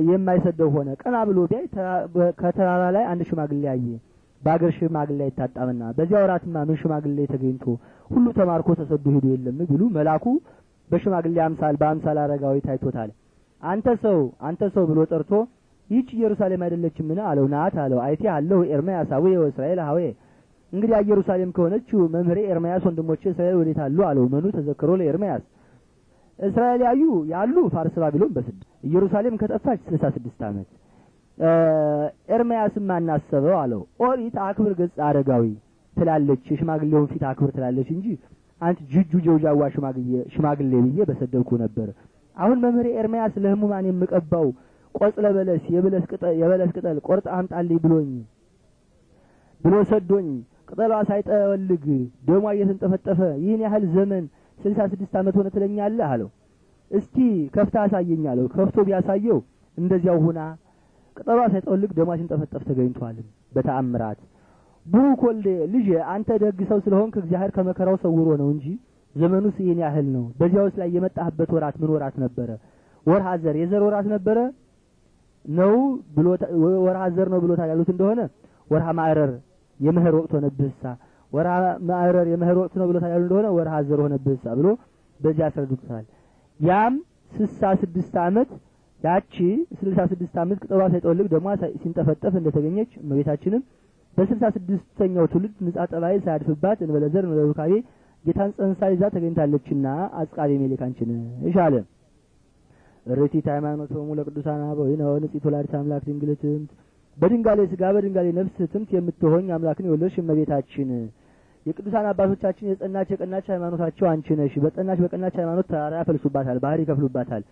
የማይሰደው ሆነ። ቀና ብሎ ቢያይ ከተራራ ላይ አንድ ሽማግሌ አየ። በአገር ሽማግሌ አይታጣምና በዚያ ወራትማ ምን ሽማግሌ ተገኝቶ ሁሉ ተማርኮ ተሰዶ ሄዶ የለም ቢሉ መልአኩ በሽማግሌ አምሳል በአምሳል አረጋዊ ታይቶታል። አንተ ሰው አንተ ሰው ብሎ ጠርቶ ይህች ኢየሩሳሌም አይደለችምን አለው። ናት አለው። አይቲ አለሁ ኤርምያስ አዊ ወእስራኤል ሀዌ እንግዲህ ኢየሩሳሌም ከሆነችው መምህሬ ኤርምያስ ወንድሞቼ እስራኤል ወዴት አሉ አለው። መኑ ተዘክሮ ለኤርምያስ እስራኤል ያዩ ያሉ ፋርስ ባቢሎን በስድስት ኢየሩሳሌም ከጠፋች ስልሳ ስድስት ዓመት ኤርምያስም አናሰበው አለው። ኦሪት አክብር ገጽ አረጋዊ ትላለች፣ የሽማግሌውን ፊት አክብር ትላለች እንጂ አንቺ ጅጁ ጀውጃዋ ሽማግሌ ብዬ በሰደብኩ ነበር። አሁን መምህሬ ኤርምያስ ለህሙማን የምቀባው ቆጽለ በለስ የበለስ ቅጠል ቆርጥ አምጣልኝ ብሎኝ ብሎ ሰዶኝ ቅጠሏ ሳይጠወልግ ደሟ እየተንጠፈጠፈ ይህን ያህል ዘመን ስልሳ ስድስት ዓመት ሆነ ትለኛለህ አለው። እስቲ ከፍታ አሳየኝ አለው። ከፍቶ ቢያሳየው እንደዚያው ሁና ቅጠሏ ሳይጠወልግ ደሟ ሲንጠፈጠፍ ተገኝቷል በተአምራት። ቡሩክ ወልዴ ልጄ አንተ ደግ ሰው ስለሆንክ እግዚአብሔር ከመከራው ሰውሮ ነው እንጂ ዘመኑስ ይህን ያህል ነው። በዚያውስ ላይ የመጣህበት ወራት ምን ወራት ነበረ? ወርሃ ዘር የዘር ወራት ነበረ። ነው ብሎ ወርሃ ዘር ነው ብሎታል ያሉት እንደሆነ ወርሃ ማዕረር የመኸር ወቅት ሆነብህሳ፣ ወርሃ ማዕረር የመኸር ወቅት ነው ብሎታል ያሉት እንደሆነ ወርሃ ዘር ሆነብህሳ ብሎ በዚህ አስረዱታል። ያም ስልሳ ስድስት ዓመት ያቺ ስልሳ ስድስት ዓመት ቅጠሏ ሳይጠወልቅ ደግሞ ሲንጠፈጠፍ እንደተገኘች እመቤታችንም በስልሳ ስድስተኛው ትውልድ ንጻ ጠባይ ሳያድፍባት እንበለዘር እንበለ ሩካቤ ጌታን ጸንሳ ይዛ ተገኝታለችና አጽቃቤ ሜሌክ አንቺ ነሽ እርቲት ሃይማኖት ሆሙ ለቅዱሳን አበው ነው ንጽሕት ወላዲተ አምላክ ድንግል ትምት በድንጋሌ ስጋ በድንጋሌ ነፍስ ትምት የምትሆኝ አምላክን የወለድሽ እመቤታችን የቅዱሳን አባቶቻችን የጸናች የቀናች ሃይማኖታቸው አንቺ ነሽ። በጸናች በቀናች ሃይማኖት ተራራ ያፈልሱባታል፣ ባህር ይከፍሉባታል።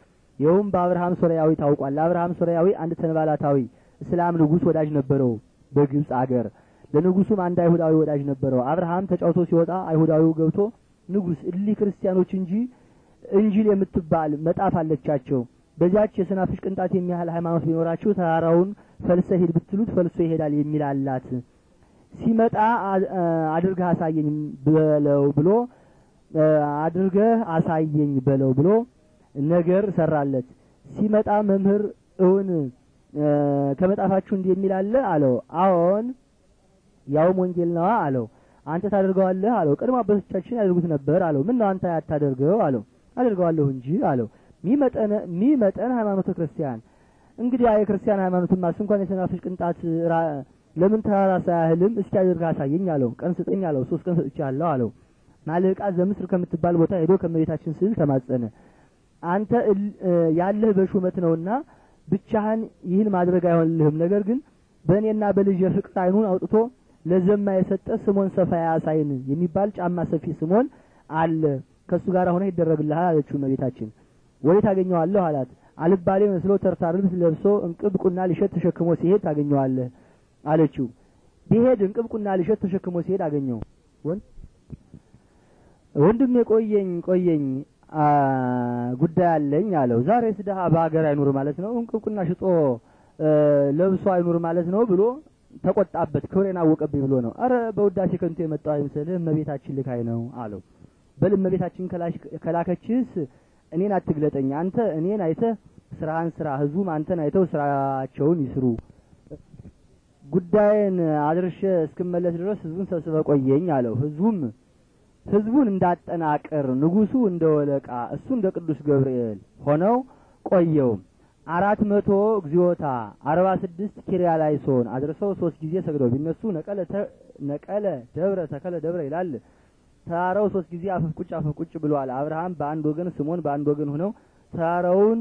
ይኸውም በአብርሃም ሶሪያዊ ታውቋል። ለአብርሃም ሶሪያዊ አንድ ተንባላታዊ እስላም ንጉሥ ወዳጅ ነበረው በግብፅ አገር። ለንጉሱም አንድ አይሁዳዊ ወዳጅ ነበረው። አብርሃም ተጫውቶ ሲወጣ አይሁዳዊው ገብቶ ንጉሥ እሊ ክርስቲያኖች እንጂ እንጅል የምትባል መጣፍ አለቻቸው። በዚያች የሰናፍጭ ቅንጣት የሚያህል ሃይማኖት ቢኖራችሁ ተራራውን ፈልሰ ሂድ ብትሉት ፈልሶ ይሄዳል የሚል አላት። ሲመጣ አድርገህ አሳየኝ በለው ብሎ አድርገህ አሳየኝ በለው ብሎ ነገር ሰራለት። ሲመጣ መምህር እውን ከመጣፋችሁ እንዲህ የሚል አለ አለው። አዎን ያውም ወንጌል ነዋ አለው። አንተ ታደርገዋለህ አለው። ቀድሞ አባቶቻችን ያደርጉት ነበር አለው። ምን ነው አንተ ያታደርገው አለው። አደርገዋለሁ እንጂ አለው። ሚመጠነ ሚመጠን ሃይማኖተ ክርስቲያን እንግዲያ የክርስቲያን ሃይማኖትማ እንኳን የሰናፍጭ ቅንጣት ለምን ተራራ ሳያህልም እስኪ አድርግ አሳየኝ አለው። ቀን ስጠኝ አለው። ሶስት ቀን ሰጥቻለሁ አለው። ማለቃ ዘምስር ከምትባል ቦታ ሄዶ ከመሬታችን ስዕል ተማጸነ። አንተ ያለህ በሹመት ነውና ብቻህን ይህን ማድረግ አይሆንልህም። ነገር ግን በእኔና በልጅ የፍቅር አይኑን አውጥቶ ለዘማ የሰጠ ስሞን ሰፋ ያሳይን የሚባል ጫማ ሰፊ ስሞን አለ። ከእሱ ጋር ሆነ ይደረግልሃል አለችው እመቤታችን። ወዴት ታገኘዋለሁ አላት። አልባሌ መስሎ ተርታ ልብስ ለብሶ እንቅብ ቁና ልሸት ተሸክሞ ሲሄድ ታገኘዋለህ አለችው። ቢሄድ እንቅብ ቁና ልሸት ተሸክሞ ሲሄድ አገኘው። ወን ወንድሜ ቆየኝ ቆየኝ ጉዳይ አለኝ አለው። ዛሬ ስደሃ በሀገር አይኑር ማለት ነው፣ እንቅብ ቁና ሽጦ ለብሶ አይኑር ማለት ነው ብሎ ተቆጣበት። ክብሬን አወቀብኝ ብሎ ነው። አረ በውዳሴ ከንቱ የመጣው አይምሰልህ እመቤታችን ልካይ ነው አለው። በል እመቤታችን እኔን አትግለጠኝ። አንተ እኔን አይተህ ስራህን ስራ፣ ህዝቡም አንተን አይተው ስራቸውን ይስሩ። ጉዳይን አድርሼ እስክመለስ ድረስ ህዝቡን ሰብስበ ቆየኝ አለው። ህዝቡም ህዝቡን እንዳጠናቅር ንጉሱ እንደ ወለቃ እሱ እንደ ቅዱስ ገብርኤል ሆነው ቆየው። አራት መቶ እግዚኦታ አርባ ስድስት ኪሪያ ላይ ሶን አድርሰው ሶስት ጊዜ ሰግደው ቢነሱ ነቀለ ደብረ ተከለ ደብረ ይላል ተራራው ሶስት ጊዜ ቁጭ አፈፍ ቁጭ ብሏል። አብርሃም በአንድ ወገን፣ ስሞን በአንድ ወገን ሆነው ተራራውን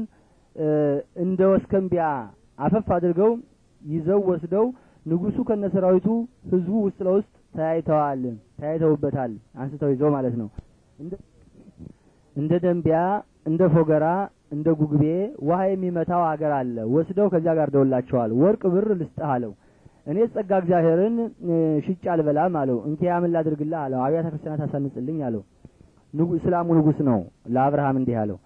እንደ ወስከንቢያ አፈፍ አድርገው ይዘው ወስደው ንጉሱ ከነሰራዊቱ ህዝቡ ውስጥ ለውስጥ ተያይተዋል ተያይተውበታል። አንስተው ይዘው ማለት ነው። እንደ ደንቢያ፣ እንደ ፎገራ፣ እንደ ጉግቤ ውሃ የሚመታው አገር አለ። ወስደው ከዚያ ጋር ደውላቸዋል። ወርቅ ብር ልስጥህ አለው። እኔ ጸጋ እግዚአብሔርን ሽጭ አልበላም አለው። እንኪያ ምን ላድርግልህ አለው። አብያተ ክርስቲያናት አሳንጽልኝ አለው። ንጉስ እስላሙ ንጉስ ነው። ለአብርሃም እንዲህ አለው።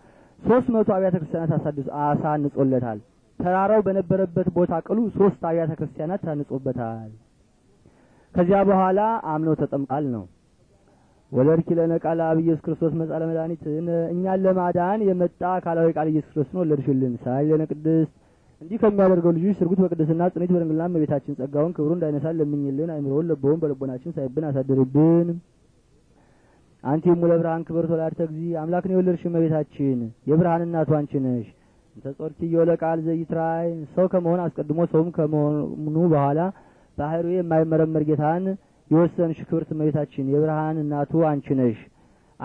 ሶስት መቶ አብያተ ክርስቲያናት አሳድስ አሳንጾለታል። ተራራው በነበረበት ቦታ ቅሉ ሶስት አብያተ ክርስቲያናት ታንጾበታል። ከዚያ በኋላ አምነው ተጠምቃል ነው ወለርኪ ለነ ቃል አብ ኢየሱስ ክርስቶስ መጻለ መድኃኒት እኛን ለማዳን የመጣ አካላዊ ቃል ኢየሱስ ክርስቶስ ነው ወለድሽልን ሳይ ለነ ቅድስት እንዲህ ከሚያደርገው ልጆች ስርጉት በቅድስና ጽኑት በድንግልና እመቤታችን ጸጋውን ክብሩ እንዳይነሳል ለምኝልን። አይምሮውን ለቦውን በልቦናችን ሳይብን አሳድርብን። አንቲ ሙ ለብርሃን ክብር ተወላድ ተግዚ አምላክን የወለድሽ እመቤታችን የብርሃን እናቱ አንቺ ነሽ። እንተ ጾርኪዮ ለቃል ዘይትራይ ሰው ከመሆን አስቀድሞ ሰውም ከመሆኑ በኋላ ባህሩ የማይመረመር ጌታን የወሰንሽ ክብርት እመቤታችን የብርሃን እናቱ አንቺ ነሽ።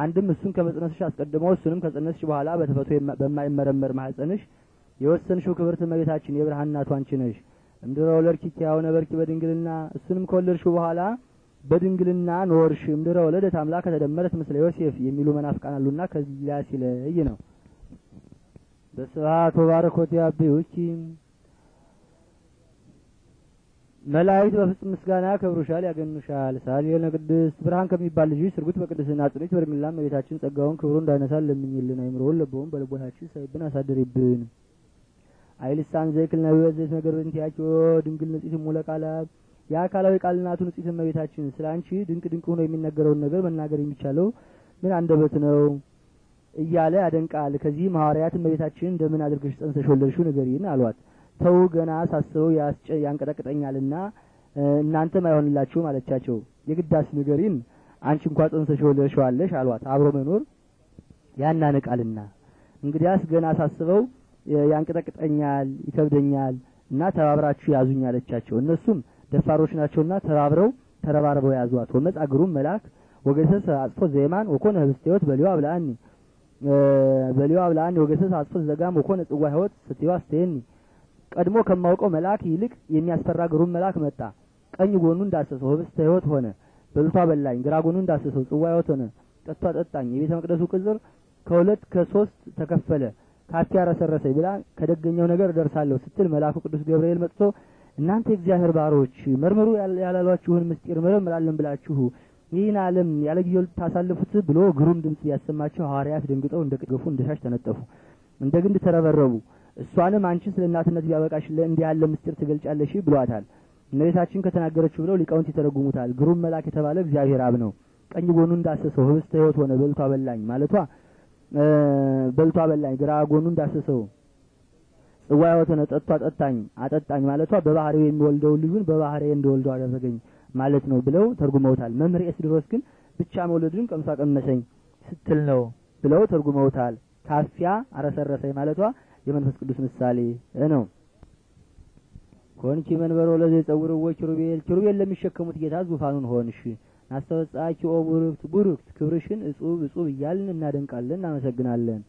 አንድም እሱን ከመጽነስሽ አስቀድሞ እሱንም ከጽነስሽ በኋላ በተፈቶ በማይመረመር ማህጸንሽ የወሰንሽው ክብርት እመቤታችን የብርሃን እናቱ አንቺ ነሽ። እምድረ ወለድኪ ኪያው ነበርኪ በድንግልና እሱንም ከወለድሽው በኋላ በድንግልና ኖርሽ። እምድረ ወለደት አምላከ ተደመረት ምስለ ዮሴፍ የሚሉ መናፍቃን አሉና ከዚያ ሲለይ ነው። በስብሐት ወባረኮት ያብዩኪ መላእክት በፍጹም ምስጋና ያከብሩሻል፣ ያገኑሻል። ሳሌነ ቅድስት ብርሃን ከሚባል ልጅ ስርጉት በቅድስና ጽኑት በእድሜላም እመቤታችን ጸጋውን ክብሩን እንዳይነሳል ለምኝልን። አይምሮውን ለቦውን በልቦናችን ሰብን አሳድሪብን። አይልሳን ዘይክል ነው ወዘት ነገር እንትያቸው ድንግል ንጽሕት ሙለ ቃላት የአካላዊ ቃልናቱ ንጽሕት እመቤታችን ስለ አንቺ ድንቅ ድንቅ ሆኖ የሚነገረውን ነገር መናገር የሚቻለው ምን አንደበት ነው እያለ ያደንቃል። ከዚህም ሐዋርያት እመቤታችን እንደምን አድርገሽ ጸንሰሽ ወለድሽው ንገሪን አሏት። ተው ገና ሳስበው ያንቀጠቅጠኛልና እናንተም አይሆንላችሁ ማለቻቸው። የግዳስ ንገሪን አንቺ እንኳ ጸንሰሽ ወለድሽዋለሽ አሏት። አብሮ መኖር ያናንቃልና እንግዲያስ ገና ሳስበው ያንቀጠቅጠኛል፣ ይከብደኛል እና ተባብራችሁ ያዙኝ አለቻቸው። እነሱም ደፋሮች ናቸውና ተባብረው ተረባርበው ያዟት። ወመጽአ ግሩም መልአክ ወገሰሰ አጽፎ ዘየማን ወኮነ ህብስተ ሕይወት በሊዋ ብላአኒ በሊዋ ብላአኒ ወገሰሰ አጽፎ ዘጋም ወኮነ ጽዋ ህይወት ስትዋ ስተየኒ። ቀድሞ ከማውቀው መልአክ ይልቅ የሚያስፈራ ግሩም መልአክ መጣ። ቀኝ ጎኑ እንዳሰሰው ህብስተ ህይወት ሆነ፣ በብቷ በላኝ። ግራ ጎኑ እንዳሰሰው ጽዋ ህይወት ሆነ፣ ጠጥቷ ጠጣኝ። የቤተ መቅደሱ ቅጽር ከሁለት ከሶስት ተከፈለ። ካፌ አረሰረሰኝ ብላ ከደገኛው ነገር ደርሳለሁ ስትል መልአኩ ቅዱስ ገብርኤል መጥቶ እናንተ የእግዚአብሔር ባሮች መርምሩ ያላሏችሁን ምስጢር መረምራለን ብላችሁ ይህን ዓለም ያለ ጊዜው ልታሳልፉት ብሎ ግሩም ድምጽ እያሰማቸው ሐዋርያት ደንግጠው እንደ ገፉ እንደ ሻሽ ተነጠፉ፣ እንደ ግንድ ተረበረቡ። እሷንም አንቺን ስለ እናትነት ቢያበቃሽ እንዲህ ያለ ምስጢር ትገልጫለሽ ብሏታል። እመቤታችን ከተናገረችው ብለው ሊቃውንት ይተረጉሙታል። ግሩም መልአክ የተባለ እግዚአብሔር አብ ነው። ቀኝ ጎኑ እንዳሰሰው ህብስተ ህይወት ሆነ በልቶ አበላኝ ማለቷ በልቷ በላኝ፣ ግራ ጎኑን ዳሰሰው፣ ጽዋ ሕይወትን ጠጥቶ አጠጣኝ አጠጣኝ ማለቷ በባህሪው የሚወልደው ልጁን በባህሪው እንደወልደው አደረገኝ ማለት ነው ብለው ተርጉመውታል። መምህር እስድሮስ ግን ብቻ መውለዱን ቀምሳ ቀመሰኝ ስትል ነው ብለው ተርጉመውታል። ካፊያ አረሰረሰኝ ማለቷ የመንፈስ ቅዱስ ምሳሌ ነው። ኮንቺ መንበሮ ለዘ የጸውርዎ ኪሩቤል ኪሩቤል ለሚሸከሙት ጌታ ዙፋኑን ሆንሽ ናስተወጻኪ ኦ ቡርክት ቡርክት ክብርሽን እጹብ እጹብ እያልን እናደንቃለን፣ እናመሰግናለን።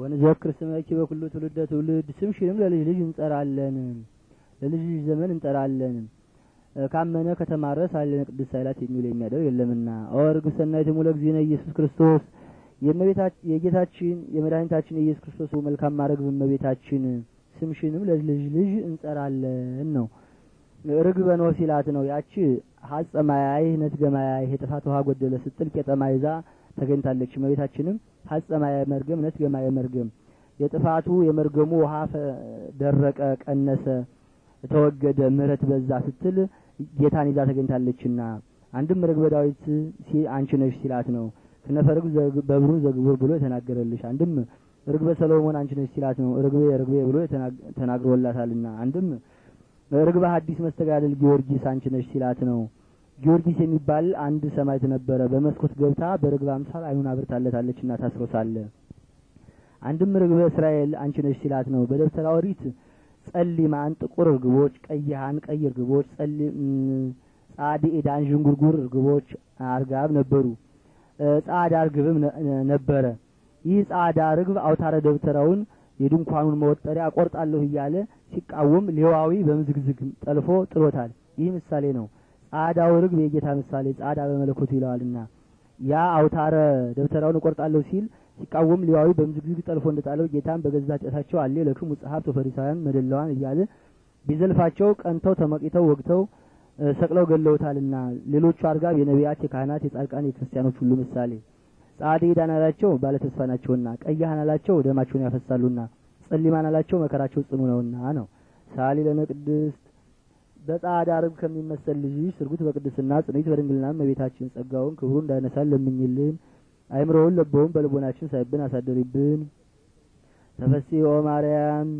ወንዘክር ስመኪ በኩሉ ትውልደ ትውልድ ስምሽንም ለልጅ ልጅ እንጠራለን፣ ለልጅ ልጅ ዘመን እንጠራለን። ካመነ ከተማረ ሳይለነ ቅዱስ ሳይላት የሚውል የሚያደር የለምና። ኦርግ ሰናይት ሙለ እግዚእነ ኢየሱስ ክርስቶስ የጌታችን የመድኃኒታችን የኢየሱስ ክርስቶስ መልካም ማድረግ በመቤታችን ስምሽንም ለልጅ ልጅ እንጠራለን ነው። ርግበ ነው ሲላት ነው ያቺ ሀጸማያይ ነትገማያይ የጥፋት ውሃ ጎደለ ስትል ቄጠማ ይዛ ተገኝታለች። እመቤታችንም ሀጸማያይ መርገም ነትገማያይ መርገም የጥፋቱ የመርገሙ ውሃ ደረቀ፣ ቀነሰ፣ ተወገደ፣ ምሕረት በዛ ስትል ጌታን ይዛ ተገኝታለችና አንድም ርግበ ዳዊት አንቺ ነሽ ሲላት ነው። ክነፈርግ በብሩ ዘግቡር ብሎ የተናገረልሽ አንድም ርግበ ሰሎሞን አንቺ ነሽ ሲላት ነው። ርግቤ ርግቤ ብሎ ተናግሮላታልና አንድም ርግባ ሐዲስ መስተጋደል ጊዮርጊስ አንቺ ነሽ ሲላት ነው። ጊዮርጊስ የሚባል አንድ ሰማዕት ነበረ። በመስኮት ገብታ በርግብ አምሳል አይኑን አብርታለታለች እና ታስሮ ሳለ አንድም ርግበ እስራኤል አንቺ ነሽ ሲላት ነው። በደብተራ ኦሪት ጸሊ ማን ጥቁር እርግቦች፣ ቀይሃን ቀይ እርግቦች፣ ጸሊ ጻዲ ኢዳን ዥንጉርጉር እርግቦች አርጋብ ነበሩ። ጻዳ እርግብም ነበረ። ይህ ጻዳ ርግብ አውታረ ደብተራውን የድንኳኑን መወጠሪያ አቆርጣለሁ እያለ ሲቃወም ሌዋዊ በምዝግዝግ ጠልፎ ጥሎታል። ይህ ምሳሌ ነው። ጻዳው ርግብ የጌታ ምሳሌ ጻዳ በመለኮቱ ይለዋልና ያ አውታረ ደብተራውን እቆርጣለሁ ሲል ሲቃወም ሌዋዊ በምዝግዝግ ጠልፎ እንደጣለው ጌታን በገዛ ጨታቸው አለ ለክሙ ጸሐፍት ወፈሪሳውያን መደለዋን እያለ ቢዘልፋቸው ቀንተው ተመቂተው ወግተው ሰቅለው ገለውታልና ሌሎቹ አርጋብ የነቢያት፣ የካህናት፣ የጻድቃን፣ የክርስቲያኖች ሁሉ ምሳሌ ጻዲዳን አላቸው ባለተስፋ ናቸውና፣ ቀያህን አላቸው ደማቸውን ያፈሳሉና፣ ጸሊማን አላቸው መከራቸው ጽኑ ነውና ነው። ሳሊ ለመቅድስት በጻዳ ርግብ ከሚመሰል ልጅ ስርጉት በቅድስና ጽኑት በድንግልና መቤታችን ጸጋውን ክብሩ እንዳይነሳል ለምኝልን። አይምሮውን ለቦውን በልቦናችን ሳይብን አሳደሪብን። ተፈሲኦ ማርያም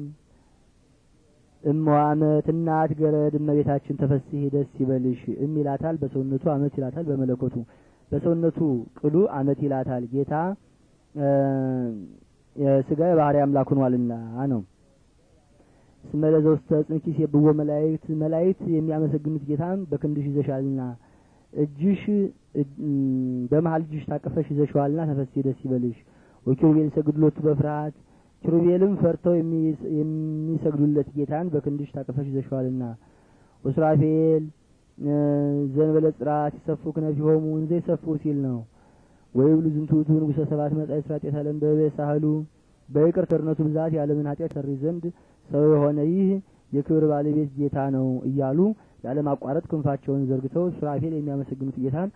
እመዋ አመት እናት ገረድ እመቤታችን ተፈሲ ደስ ይበልሽ እሚላታል በሰውነቱ አመት ይላታል በመለኮቱ በሰውነቱ ቅሉ አመት ይላታል ጌታ የስጋ የባህሪ አምላክ ሆኗልና ነው። ስመለዘ ውስተ ጽንኪስ የብዎ መላእክት መላእክት የሚያመሰግኑት ጌታም በክንድሽ ይዘሻልና እጅሽ በመሀል እጅሽ ታቀፈሽ ይዘሽዋልና ተፈሥሒ ደስ ይበልሽ። ወኪሩቤል ሰግድሎቱ በፍርሃት ኪሩቤልም ፈርተው የሚሰግዱለት ጌታን በክንድሽ ታቀፈሽ ይዘሽዋልና ወስራፌል ዘንበለ ጽራት ይሰፉ ሆሙ እንዘ ይሰፉ ሲል ነው። ወይብሉ ዝንቱቱ ንጉሰ ሰባት መጻ ይስራት የታለም በበ ሳህሉ በይቅር ተርነቱ ብዛት የዓለምን ኃጢአት ሰሪ ዘንድ ሰው የሆነ ይህ የክብር ባለቤት ጌታ ነው እያሉ ያለማቋረጥ ክንፋቸውን ዘርግተው ሱራፌል የሚያመሰግኑት ጌታን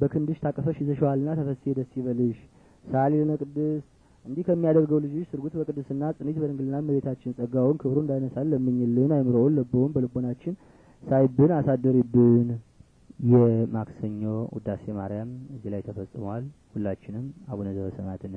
በክንድሽ ታቀፈሽ ይዘሽዋልና ተፈሥሒ ደስ ይበልሽ ሳሊ ለነ ቅድስት እንዲህ ከሚያደርገው ልጅሽ ስርጉት በቅድስና ጽንዕት በድንግልና እመቤታችን ጸጋውን ክብሩን እንዳይነሳል ለምኝልን። አይምሮውን ለቦውን በልቦናችን ሳይብን አሳድሪብን የማክሰኞ ውዳሴ ማርያም እዚህ ላይ ተፈጽሟል። ሁላችንም አቡነ ዘበሰማያት